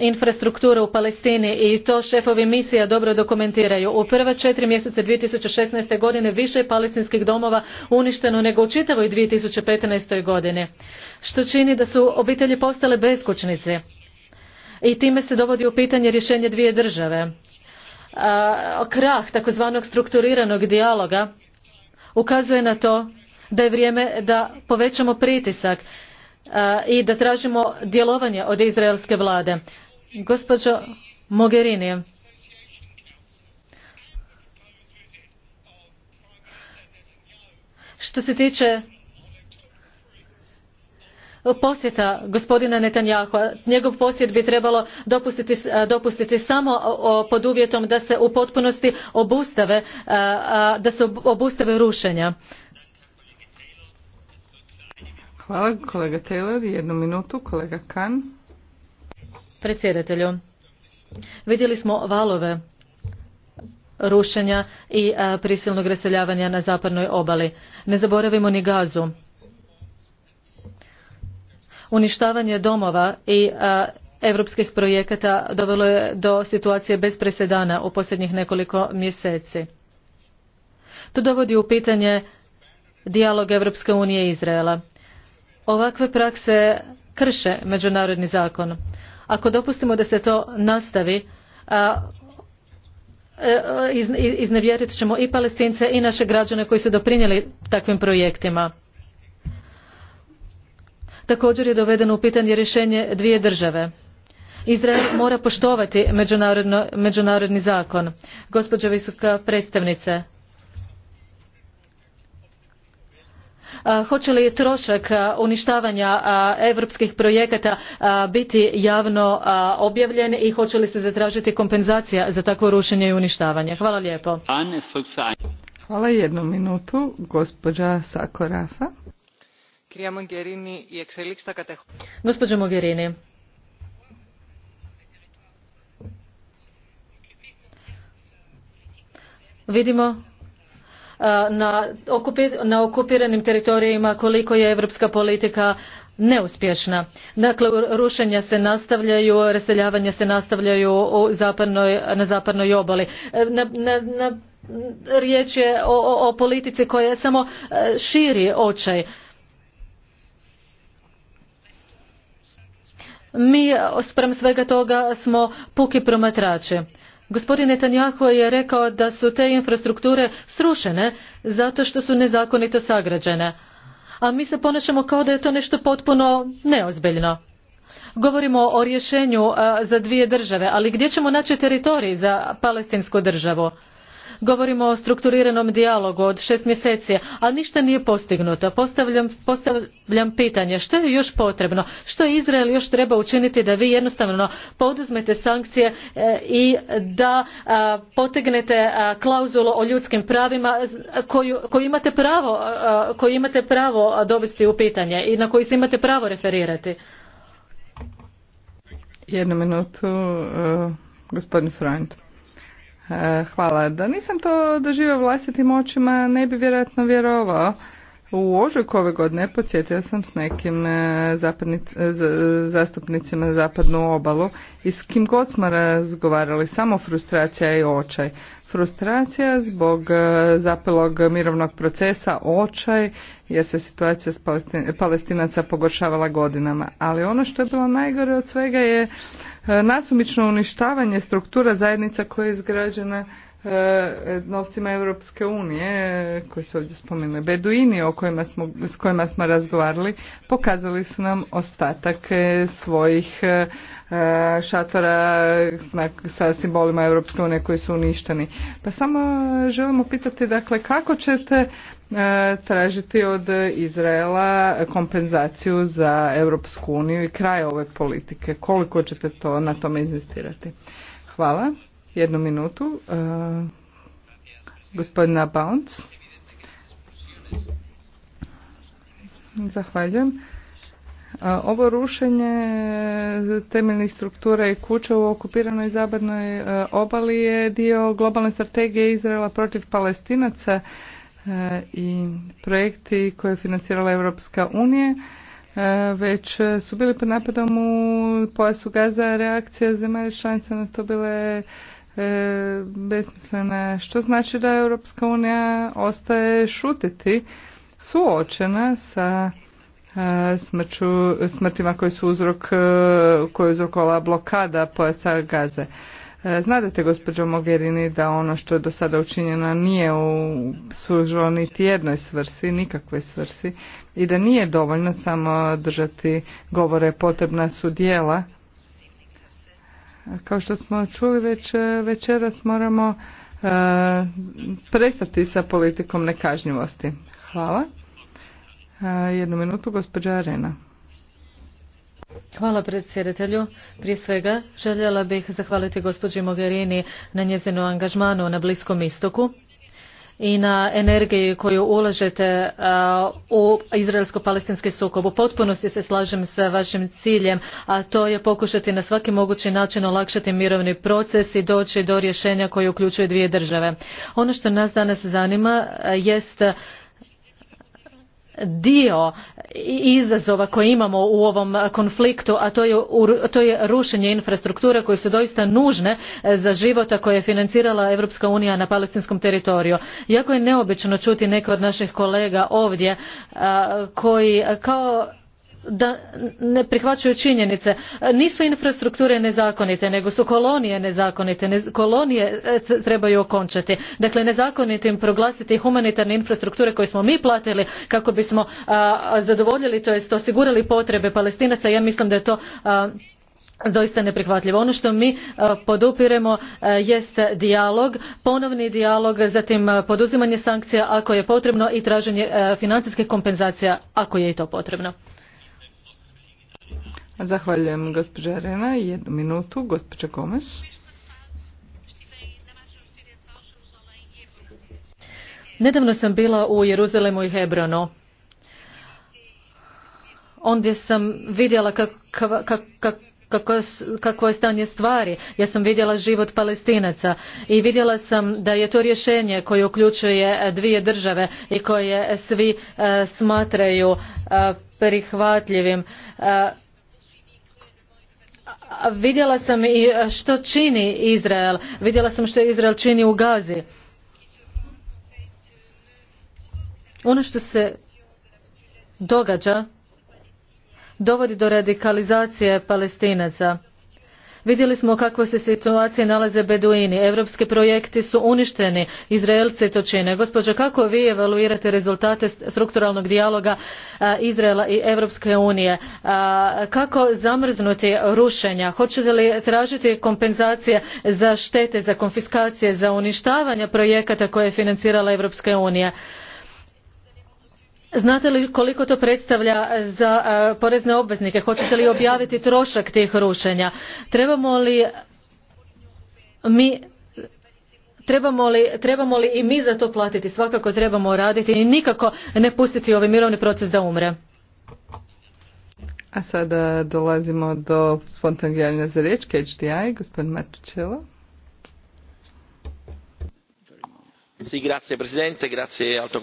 [SPEAKER 3] infrastrukturu u Palestini i to šefovi misija dobro dokumentiraju. U prva četiri mjeseca 2016. godine više je palestinskih domova uništeno nego u čitavoj 2015. godini, što čini da su obitelji postale beskućnici. I time se dovodi u pitanje rješenje dvije države. Krah takozvanog strukturiranog dijaloga ukazuje na to da je vrijeme da povećamo pritisak e, i da tražimo djelovanje od izraelske vlade. Gospođo Mogherini, što se tiče posjeta gospodina Netanjahua. Njegov posjet bi trebalo dopustiti, e, dopustiti samo pod uvjetom da se u potpunosti obustave, e, da se obustave rušenja. Hvala kolega Taylor. Jednu minutu kolega Kan. Predsjedatelju, vidjeli smo valove rušenja i e, prisilnog raseljavanja na zapadnoj obali. Ne zaboravimo ni gazu. Uništavanje domova i europskih projekata dovelo je do situacije bez presedana u posljednjih nekoliko mjeseci. To dovodi u pitanje dijalog Evropske unije i Izraela. Ovakve prakse krše međunarodni zakon. Ako dopustimo da se to nastavi, a, e, e, iz, iznevjerit ćemo i palestince i naše građane koji su doprinijeli takvim projektima. Također je dovedeno u pitanje rješenje dvije države. Izrael mora poštovati međunarodni zakon. Gospođo visoka predstavnice, hoće li trošak uništavanja europskih projekata biti javno objavljen i hoće li se zatražiti kompenzacija za takvo rušenje i uništavanje? Hvala lijepo.
[SPEAKER 1] Hvala jednu minutu, gospođa Sakorafa.
[SPEAKER 3] Gospođo Mogherini, vidimo na, okupi, na okupiranim teritorijima koliko je europska politika neuspješna. Dakle, rušenja se nastavljaju, raseljavanja se nastavljaju zapadnoj, na zapadnoj obali. E, na, na, na, riječ je o, o, o politici koja samo e, širi očaj. Mi sprem svega toga smo puki promatrači. Gospodin Netanjahu je rekao da su te infrastrukture srušene zato što su nezakonito sagrađene. A mi se ponašamo kao da je to nešto potpuno neozbiljno. Govorimo o rješenju za dvije države, ali gdje ćemo naći teritorij za palestinsku državu? Govorimo o strukturiranom dijalogu od šest mjeseci, a ništa nije postignuto. Postavljam, postavljam pitanje što je još potrebno, što Izrael još treba učiniti da vi jednostavno poduzmete sankcije eh, i da eh, potegnete eh, klauzulu o ljudskim pravima koju, imate pravo, imate pravo dovesti u pitanje i na koju se imate pravo referirati.
[SPEAKER 1] Jednu minutu, gospodin E, hvala. Da nisam to doživao vlastitim očima, ne bi vjerojatno vjerovao. U ožujku ove godine podsjetio sam s nekim e, e, zastupnicima zapadnu obalu i s kim god smo razgovarali, samo frustracija i očaj. Frustracija zbog zapelog mirovnog procesa, očaj, jer se situacija s palestinaca pogoršavala godinama. Ali ono što je bilo najgore od svega je E, nasumično uništavanje struktura zajednica koja je izgrađena e, novcima Europske unije e, koji su ovdje spomenuli. Beduini o kojima smo, s kojima smo razgovarali pokazali su nam ostatak svojih šatora sa simbolima Europske unije koji su uništeni. Pa samo želimo pitati dakle kako ćete E, tražiti od Izraela kompenzaciju za Europsku uniju i kraj ove politike. Koliko ćete to na tome inzistirati? Hvala. Jednu minutu. E, gospodina Bounce. Zahvaljujem. E, ovo rušenje temeljnih struktura i kuća u okupiranoj zabadnoj obali je dio globalne strategije Izraela protiv palestinaca i projekti koje je financirala Europska unija e, već su bili pod napadom u pojasu gaza reakcija zemalja članica na to bile e, besmislene. Što znači da Europska unija ostaje šutiti suočena sa e, smrtima koji su uzrok, koje je uzrokovala blokada pojasa gaze. E, znadete, gospođo Mogherini, da ono što je do sada učinjeno nije služilo niti jednoj svrsi, nikakvoj svrsi, i da nije dovoljno samo držati govore, potrebna su dijela. Kao što smo čuli već večeras, moramo e, prestati sa politikom nekažnjivosti. Hvala. E, jednu minutu, gospođa Arena.
[SPEAKER 3] Hvala predsjedatelju. Prije svega željela bih zahvaliti gospođi Mogherini na njezinu angažmanu na Bliskom istoku i na energiji koju ulažete u izraelsko-palestinski sukob. U potpunosti se slažem sa vašim ciljem, a to je pokušati na svaki mogući način olakšati mirovni proces i doći do rješenja koje uključuje dvije države. Ono što nas danas zanima jest dio izazova koje imamo u ovom konfliktu a to je, to rušenje infrastrukture koje su doista nužne za život a koje je financirala europska unija na palestinskom teritoriju. jako je neobično čuti neke od naših kolega ovdje koji kao da ne prihvaćaju činjenice. Nisu infrastrukture nezakonite, nego su kolonije nezakonite. kolonije e, trebaju okončati. Dakle, nezakonitim proglasiti humanitarne infrastrukture koje smo mi platili kako bismo zadovoljili, to jest osigurali potrebe palestinaca. Ja mislim da je to doista neprihvatljivo. Ono što mi podupiremo jest dijalog, ponovni dijalog, zatim poduzimanje sankcija ako je potrebno i traženje financijskih kompenzacija ako je i to potrebno.
[SPEAKER 1] Zahvaljujem gospođa Arena. Jednu minutu, gospođa
[SPEAKER 3] Gomes. Nedavno sam bila u Jeruzalemu i Hebronu. Ondje sam vidjela kako, je stanje stvari. Ja sam vidjela život palestinaca i vidjela sam da je to rješenje koje uključuje e, dvije države i koje svi e, smatraju e, prihvatljivim. Vidjela sam i e, što čini Izrael. Vidjela sam što Izrael čini u Gazi. Ono što se događa dovodi do radikalizacije palestinaca. Vidjeli smo kakve se situacije nalaze Beduini. Europski projekti su uništeni. Izraelci to čine. Gospođo, kako vi evaluirate rezultate strukturalnog dijaloga Izraela i Europske unije? Kako zamrznuti rušenja? Hoćete li tražiti kompenzacije za štete, za konfiskacije, za uništavanje projekata koje je financirala Europska unija? Znate li koliko to predstavlja za e, porezne obveznike? Hoćete li objaviti trošak tih rušenja? Trebamo li mi Trebamo li, i mi za to platiti? Svakako trebamo raditi i nikako ne pustiti ovaj mirovni proces da umre.
[SPEAKER 1] A sada dolazimo do za riječ, gospodin
[SPEAKER 4] Grazie alto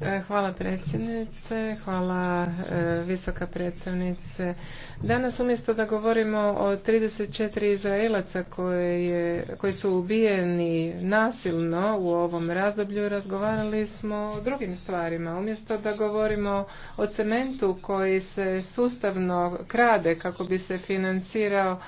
[SPEAKER 2] e, Hvala predsjednice, hvala e, visoka predstavnice. Danas umjesto da govorimo o 34 Izraelaca koji, koji su ubijeni nasilno u ovom razdoblju, razgovarali smo o drugim stvarima. Umjesto da govorimo o cementu koji se sustavno krade kako bi se financirao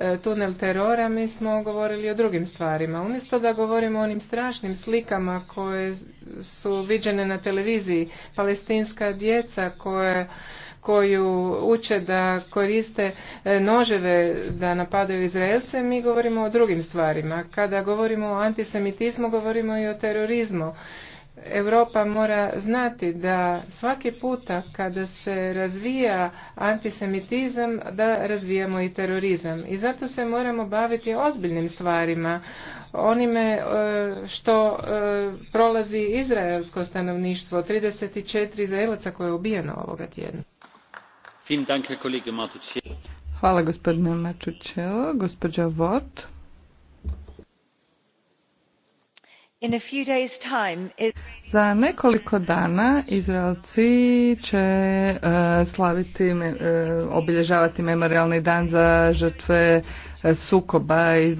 [SPEAKER 2] E, tunel terora, mi smo govorili o drugim stvarima. Umjesto da govorimo o onim strašnim slikama koje su viđene na televiziji, palestinska djeca koje koju uče da koriste e, noževe da napadaju Izraelce, mi govorimo o drugim stvarima. Kada govorimo o antisemitizmu, govorimo i o terorizmu. Europa mora znati da svaki puta kada se razvija antisemitizam da razvijamo i terorizam i zato se moramo baviti ozbiljnim stvarima onime e, što e, prolazi izraelsko stanovništvo 34 zajevaca koje je ubijeno ovoga tjedna.
[SPEAKER 1] Hvala gospodine Matučeo. Gospođa Vot. Za nekoliko dana Izraelci će e, slaviti, e, obilježavati memorialni dan za žrtve e, sukoba i,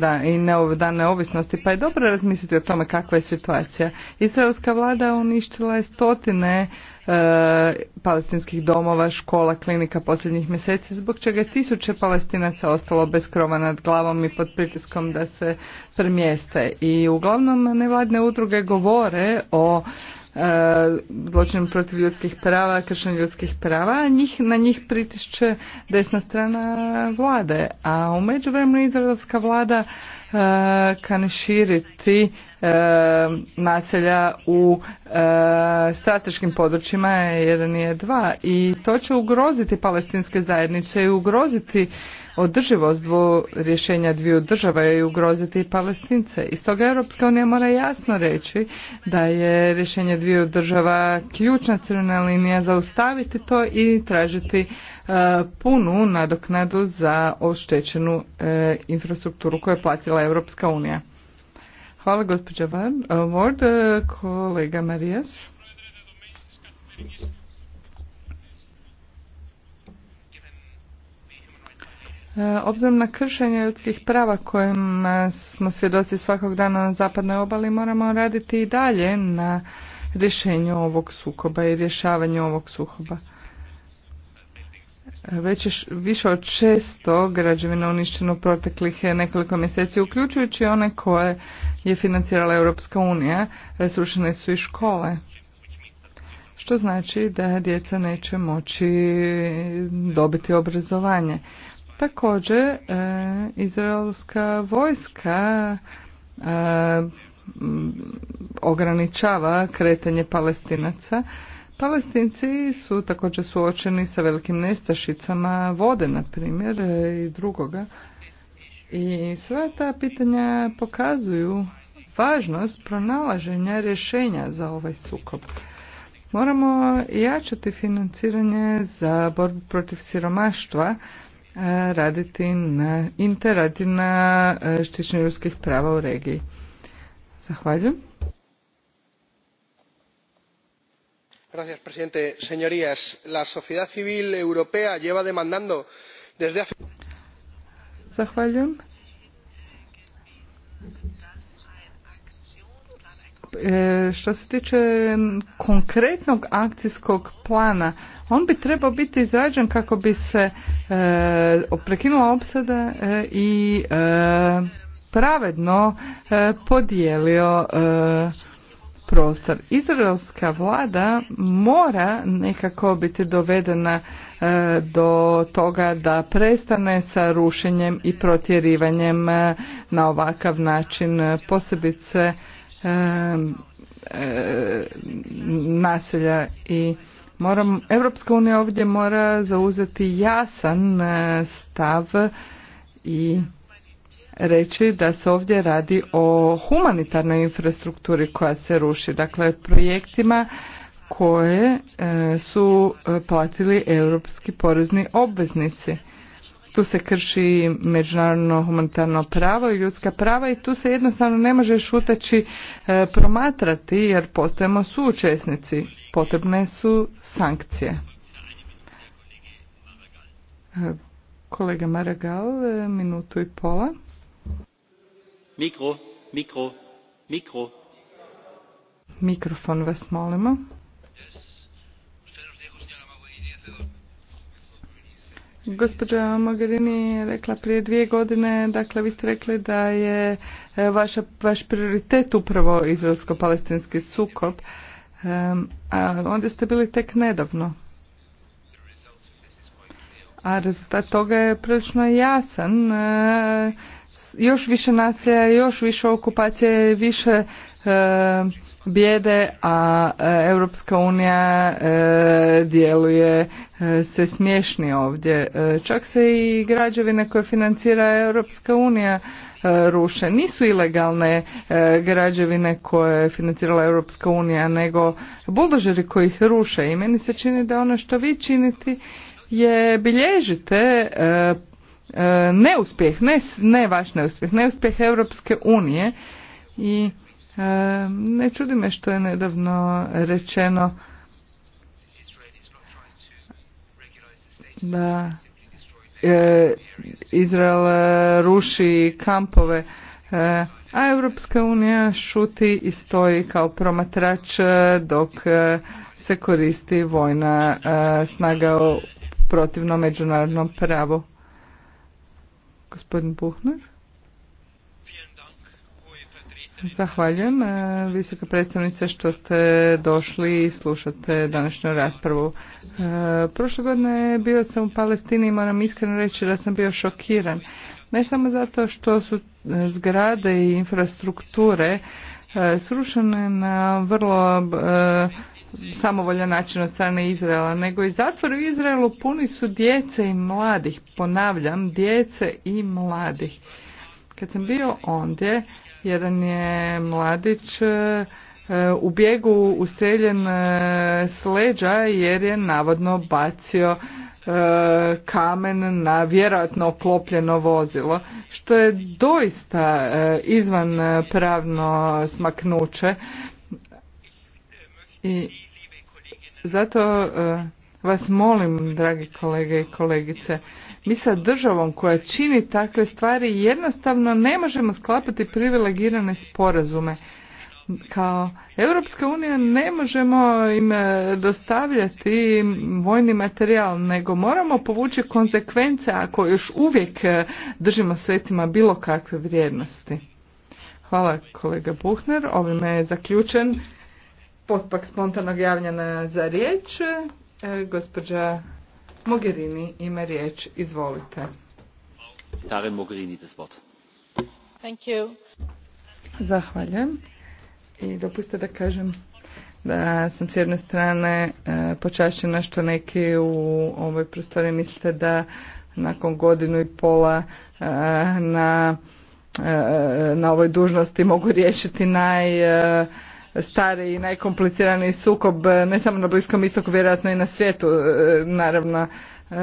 [SPEAKER 1] dan neovisnosti, pa je dobro razmisliti o tome kakva je situacija. Izraelska vlada uništila je stotine E, palestinskih domova, škola, klinika posljednjih mjeseci, zbog čega tisuće palestinaca ostalo bez krova nad glavom i pod pritiskom da se premjeste. I uglavnom nevladne udruge govore o e, zločinu protiv ljudskih prava, kršenju ljudskih prava, njih, na njih pritišće desna strana vlade. A u međuvremenu izraelska vlada E, kani e, naselja u e, strateškim područjima jedan i 2 i to će ugroziti palestinske zajednice i ugroziti održivost dvo, rješenja dviju država i ugroziti i palestince. I stoga Europska unija mora jasno reći da je rješenje dviju država ključna crvena linija zaustaviti to i tražiti e, punu nadoknadu za oštećenu e, infrastrukturu koju je platila Europska unija. Hvala gospođa Ward. E, kolega Marijas. Obzirom na kršenje ljudskih prava kojim smo svjedoci svakog dana na zapadnoj obali, moramo raditi i dalje na rješenju ovog sukoba i rješavanju ovog sukoba. Već je više od 600 građevina uništeno proteklih nekoliko mjeseci, uključujući one koje je financirala Europska unija, srušene su i škole. Što znači da djeca neće moći dobiti obrazovanje. Također, e, izraelska vojska e, ograničava kretanje palestinaca. Palestinci su također suočeni sa velikim nestašicama vode, na primjer, e, i drugoga. I sva ta pitanja pokazuju važnost pronalaženja rješenja za ovaj sukob. Moramo jačati financiranje za borbu protiv siromaštva, raditi na, raditi na e, štićenju ljudskih prava u regiji. Zahvaljujem.
[SPEAKER 4] Gracias, presidente, señorías, la sociedad civil europea lleva demandando desde hace.
[SPEAKER 1] Zahvaljujem. E, što se tiče konkretnog akcijskog plana, on bi trebao biti izrađen kako bi se e, prekinula opsada e, i pravedno podijelio prostor. Izraelska vlada mora nekako biti dovedena do toga da prestane sa rušenjem i protjerivanjem na ovakav način, posebice naselja i moram, Europska unija ovdje mora zauzeti jasan e, stav i reći da se ovdje radi o humanitarnoj infrastrukturi koja se ruši, dakle projektima koje e, su e, platili europski porezni obveznici tu se krši međunarodno humanitarno pravo i ljudska prava i tu se jednostavno ne može šutaći e, promatrati jer postajemo suučesnici. Potrebne su sankcije. E, kolega Maragal, minutu i pola.
[SPEAKER 4] Mikro, mikro, mikro.
[SPEAKER 1] Mikrofon vas molimo. Gospođa Mogherini je rekla prije dvije godine, dakle vi ste rekli da je e, vaša, vaš prioritet upravo izraelsko-palestinski sukob, a onda ste bili tek nedavno. A rezultat toga je prilično jasan. E, još više nasilja, još više okupacije, više E, bijede, a e, Europska unija e, djeluje se smiješni ovdje. Čak se i građevine koje financira Europska unija ruše. Nisu ilegalne građevine koje je financirala Europska unija, nego buldožeri koji ih ruše. I meni se čini da ono što vi činiti je bilježite neuspjeh, ne, ne vaš neuspjeh, neuspjeh Europske unije i ne čudi me što je nedavno rečeno da e, Izrael ruši kampove, e, a Europska unija šuti i stoji kao promatrač e, dok se koristi vojna snaga protivno međunarodnom pravu. Gospodin Buhner. Zahvaljujem e, visoka predstavnice što ste došli i slušate današnju raspravu. E, prošle godine bio sam u Palestini i moram iskreno reći da sam bio šokiran. Ne samo zato što su e, zgrade i infrastrukture srušene na vrlo samovoljan način od strane Izraela, nego i zatvor u Izraelu puni su djece i mladih, ponavljam, djece i mladih. Kad sam bio ondje, jedan je mladić e, u bjegu ustreljen e, s leđa jer je navodno bacio e, kamen na vjerojatno oklopljeno vozilo, što je doista izvan pravno smaknuće. I zato vas molim, dragi kolege i kolegice, mi sa državom koja čini takve stvari jednostavno ne možemo sklapati privilegirane sporazume. Kao Europska unija ne možemo im e, dostavljati vojni materijal, nego moramo povući konsekvence ako još uvijek e, držimo svetima bilo kakve vrijednosti. Hvala kolega Buhner. Ovime je zaključen postupak spontanog javljanja za riječ. E, gospođa Mogherini ima riječ. Izvolite.
[SPEAKER 4] Tare Mogherini, das
[SPEAKER 3] Thank you.
[SPEAKER 1] Zahvaljujem. I dopustite da kažem da sam s jedne strane e, počašćena što neki u ovoj prostori mislite da nakon godinu i pola e, na e, na ovoj dužnosti mogu riješiti naj stari i najkompliciraniji sukob e, ne samo na Bliskom istoku, vjerojatno i na svijetu. E, naravno, e,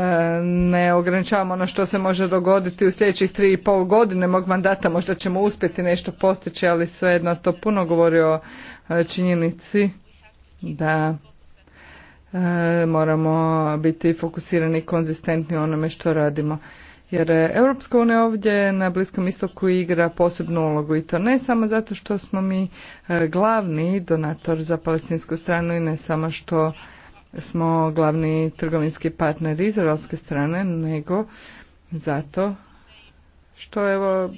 [SPEAKER 1] ne ograničavamo ono što se može dogoditi u sljedećih tri i pol godine mog mandata. Možda ćemo uspjeti nešto postići, ali svejedno to puno govori o činjenici da moramo biti fokusirani i konzistentni u onome što radimo. Jer e, Europska unija ovdje na Bliskom istoku igra posebnu ulogu i to ne samo zato što smo mi e, glavni donator za palestinsku stranu i ne samo što smo glavni trgovinski partner izraelske strane, nego zato što evo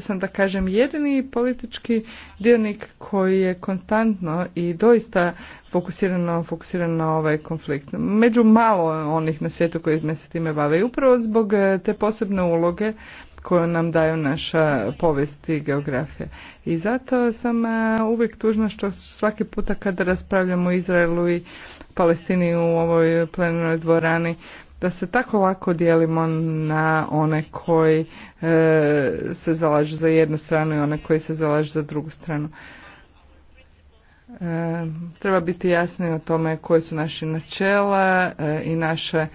[SPEAKER 1] sam da kažem jedini politički dionik koji je konstantno i doista fokusirano fokusiran na ovaj konflikt. Među malo onih na svijetu koji se time bave i upravo zbog eh, te posebne uloge koju nam daju naša povijest i geografija. I zato sam eh, uvijek tužna što svaki puta kada raspravljamo o Izraelu i Palestini u ovoj plenarnoj dvorani da se tako lako dijelimo na one koji e, se zalažu za jednu stranu i one koji se zalažu za drugu stranu. E, treba biti jasni o tome koje su naše načela e, i naše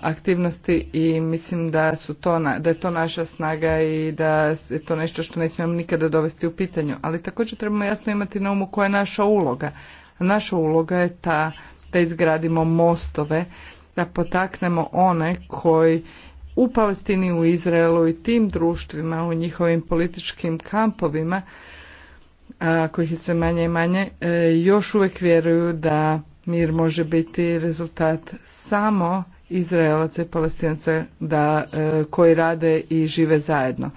[SPEAKER 1] aktivnosti i mislim da su to da je to naša snaga i da je to nešto što ne smijemo nikada dovesti u pitanju. Ali također trebamo jasno imati na umu koja je naša uloga. Naša uloga je ta da izgradimo mostove da potaknemo one koji u Palestini, u Izraelu i tim društvima, u njihovim političkim kampovima, kojih je sve manje i manje, e, još uvijek vjeruju da mir može biti rezultat samo Izraelaca i Palestinaca e, koji rade i žive zajedno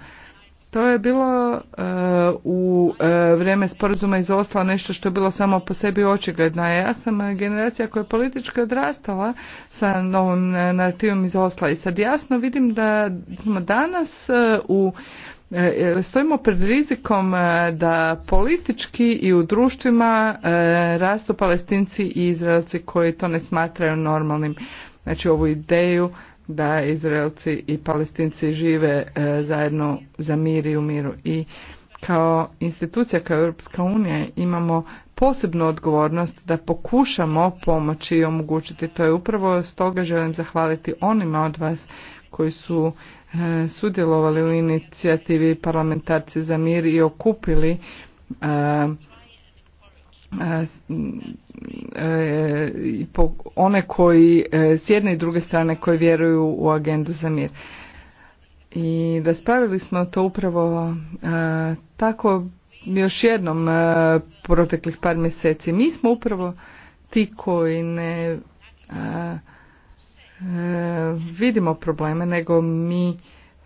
[SPEAKER 1] to je bilo eh, u eh, vrijeme sporazuma iz Osla nešto što je bilo samo po sebi očigledno. Ja sam eh, generacija koja je politički odrastala sa novom narativom iz Osla i sad jasno vidim da smo danas u stojimo pred rizikom da politički i u društvima rastu palestinci i izraelci koji to ne smatraju normalnim. Znači ovu ideju da Izraelci i Palestinci žive e, zajedno za mir i u miru i kao institucija, kao Europska unija imamo posebnu odgovornost da pokušamo pomoći i omogućiti. To je upravo stoga želim zahvaliti onima od vas koji su e, sudjelovali u inicijativi parlamentarci za mir i okupili e, one koji e, s jedne i druge strane koji vjeruju u agendu za mir. I raspravili smo to upravo e, tako još jednom e, proteklih par mjeseci. Mi smo upravo ti koji ne vidimo probleme, nego mi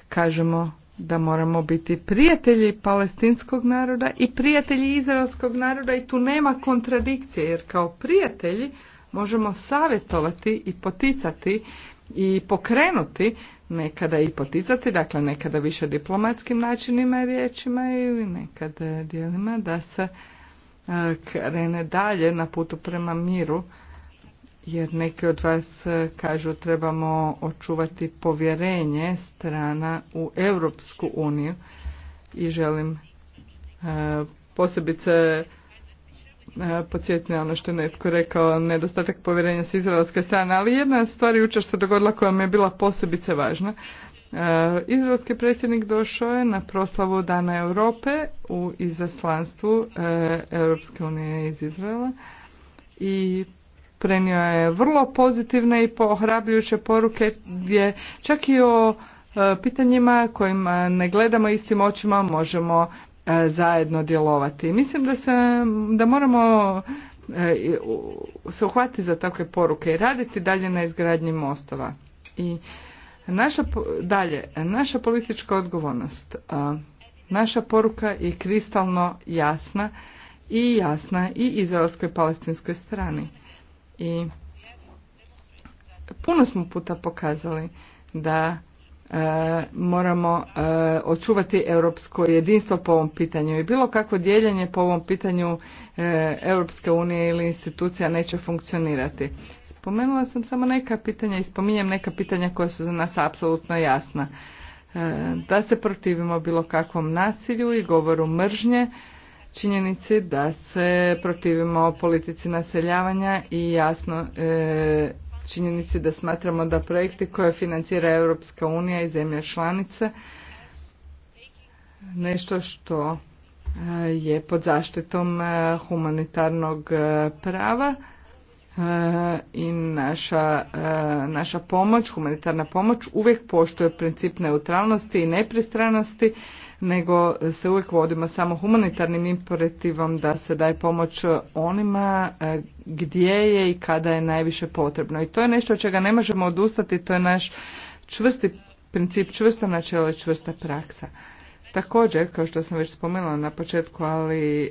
[SPEAKER 1] kažemo da moramo biti prijatelji palestinskog naroda i prijatelji izraelskog naroda i tu nema kontradikcije jer kao prijatelji možemo savjetovati i poticati i pokrenuti nekada i poticati, dakle nekada više diplomatskim načinima i riječima ili nekada dijelima da se e, krene dalje na putu prema miru jer neki od vas e, kažu trebamo očuvati povjerenje strana u Europsku uniju i želim e, posebice e, podsjetiti ono što je netko rekao, nedostatak povjerenja s izraelske strane, ali jedna stvar jučer se dogodila koja mi je bila posebice važna. Izraelski predsjednik došao je na proslavu Dana Europe u izaslanstvu Europske unije iz Izraela i prenio je vrlo pozitivne i pohrabljujuće poruke gdje čak i o e, pitanjima kojima e, ne gledamo istim očima možemo e, zajedno djelovati. Mislim da, se, da moramo se uhvati za takve poruke i raditi dalje na izgradnji mostova. I naša, dalje, naša politička odgovornost, naša poruka je kristalno jasna i jasna i izraelskoj palestinskoj strani i puno smo puta pokazali da e, moramo e, očuvati europsko jedinstvo po ovom pitanju i bilo kakvo dijeljenje po ovom pitanju e, Europske unije ili institucija neće funkcionirati. Spomenula sam samo neka pitanja i spominjem neka pitanja koja su za nas apsolutno jasna. Da se protivimo bilo kakvom nasilju i govoru mržnje, činjenici da se protivimo politici naseljavanja i jasno e, činjenici da smatramo da projekti koje financira Europska unija i zemlje članice nešto što e, je pod zaštitom e, humanitarnog prava E, i naša, e, naša pomoć, humanitarna pomoć uvijek poštuje princip neutralnosti i nepristranosti nego se uvijek vodimo samo humanitarnim imperativom da se daje pomoć onima e, gdje je i kada je najviše potrebno. I to je nešto od čega ne možemo odustati, to je naš čvrsti princip, čvrsta načela i čvrsta praksa. Također, kao što sam već spomenula na početku, ali e,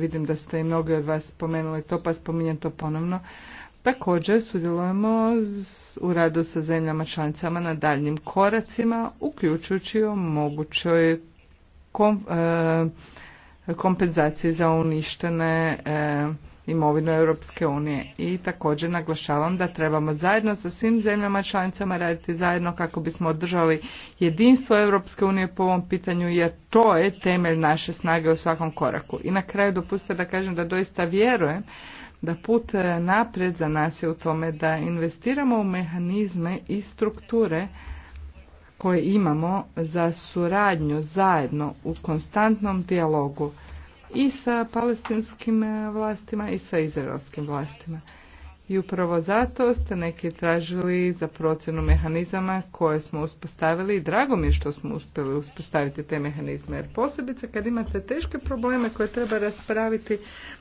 [SPEAKER 1] vidim da ste i mnogi od vas spomenuli to, pa spominjem to ponovno, također sudjelujemo u radu sa zemljama članicama na daljnjim koracima, uključujući o mogućoj kom, e, kompenzaciji za uništene e, imovinu Europske unije. I također naglašavam da trebamo zajedno sa svim zemljama članicama raditi zajedno kako bismo održali jedinstvo Europske unije po ovom pitanju jer to je temelj naše snage u svakom koraku. I na kraju dopustite da kažem da doista vjerujem da put e, naprijed za nas je u tome da investiramo u mehanizme i strukture koje imamo za suradnju zajedno u konstantnom dijalogu i sa palestinskim e, vlastima i sa izraelskim vlastima. I upravo zato ste neki tražili za procjenu mehanizama koje smo uspostavili i drago mi je što smo uspjeli uspostaviti te mehanizme. Jer posebice kad imate teške probleme koje treba raspraviti,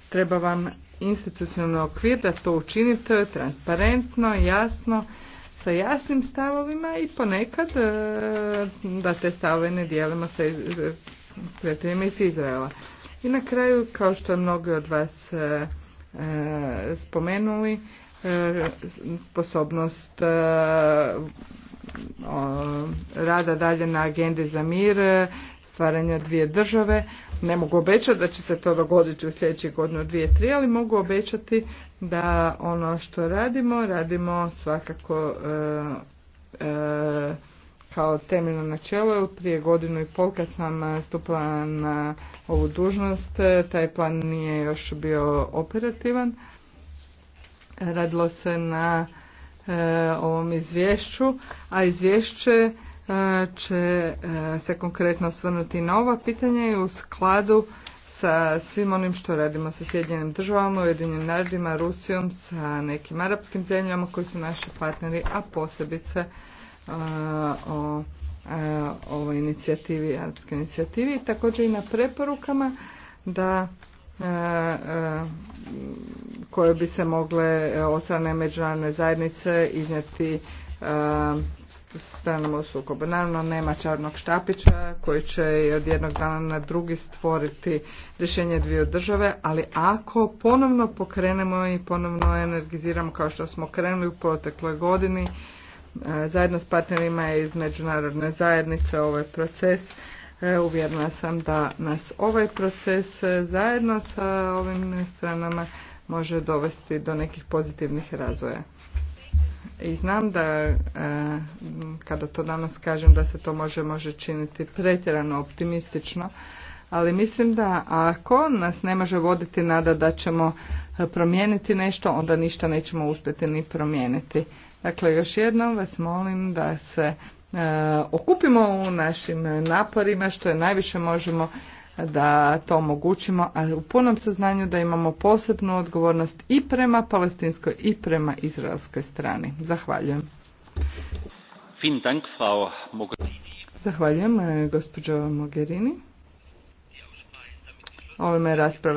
[SPEAKER 1] treba vam institucionalni okvir da to učinite transparentno, jasno, sa jasnim stavovima i ponekad e, da te stavove ne dijelimo sa e, prijateljima iz Izraela. I na kraju, kao što je mnogi od vas e, e, spomenuli, e, sposobnost rada dalje na Agende za mir, stvaranja dvije države. Ne mogu obećati da će se to dogoditi u sljedećih godinu dvije, tri, ali mogu obećati da ono što radimo, radimo svakako kao temeljno načelo, jer prije godinu i pol kad sam e, stupila na ovu dužnost, e, taj plan nije još bio operativan. Radilo se na e, ovom izvješću, a izvješće e, će se konkretno osvrnuti na ova pitanja i u skladu sa svim onim što radimo sa Sjedinjenim državama, Ujedinjenim narodima, Rusijom, sa nekim arapskim zemljama koji su naši partneri, a posebice o ovoj inicijativi, arapskoj inicijativi i također i na preporukama da koje bi se mogle e, od strane međunarodne zajednice iznijeti stranom u sukobu. Naravno nema čarnog štapića koji će od jednog dana na drugi stvoriti rješenje dvije države, ali ako ponovno pokrenemo i ponovno energiziramo kao što smo krenuli u protekloj godini, E, zajedno s partnerima iz međunarodne zajednice ovaj proces. E, uvjerena sam da nas ovaj proces e, zajedno sa ovim stranama može dovesti do nekih pozitivnih razvoja. I znam da kada to danas kažem da se to može, može činiti pretjerano optimistično, ali mislim da ako nas ne može voditi nada da ćemo promijeniti nešto, onda ništa nećemo uspjeti ni promijeniti. Dakle, još jednom vas molim da se e, okupimo u našim naporima što je najviše možemo da to omogućimo, a u punom saznanju da imamo posebnu odgovornost i prema palestinskoj i prema izraelskoj strani. Zahvaljujem. Zahvaljujem, e, gospođo Mogherini. Ovime je rasprava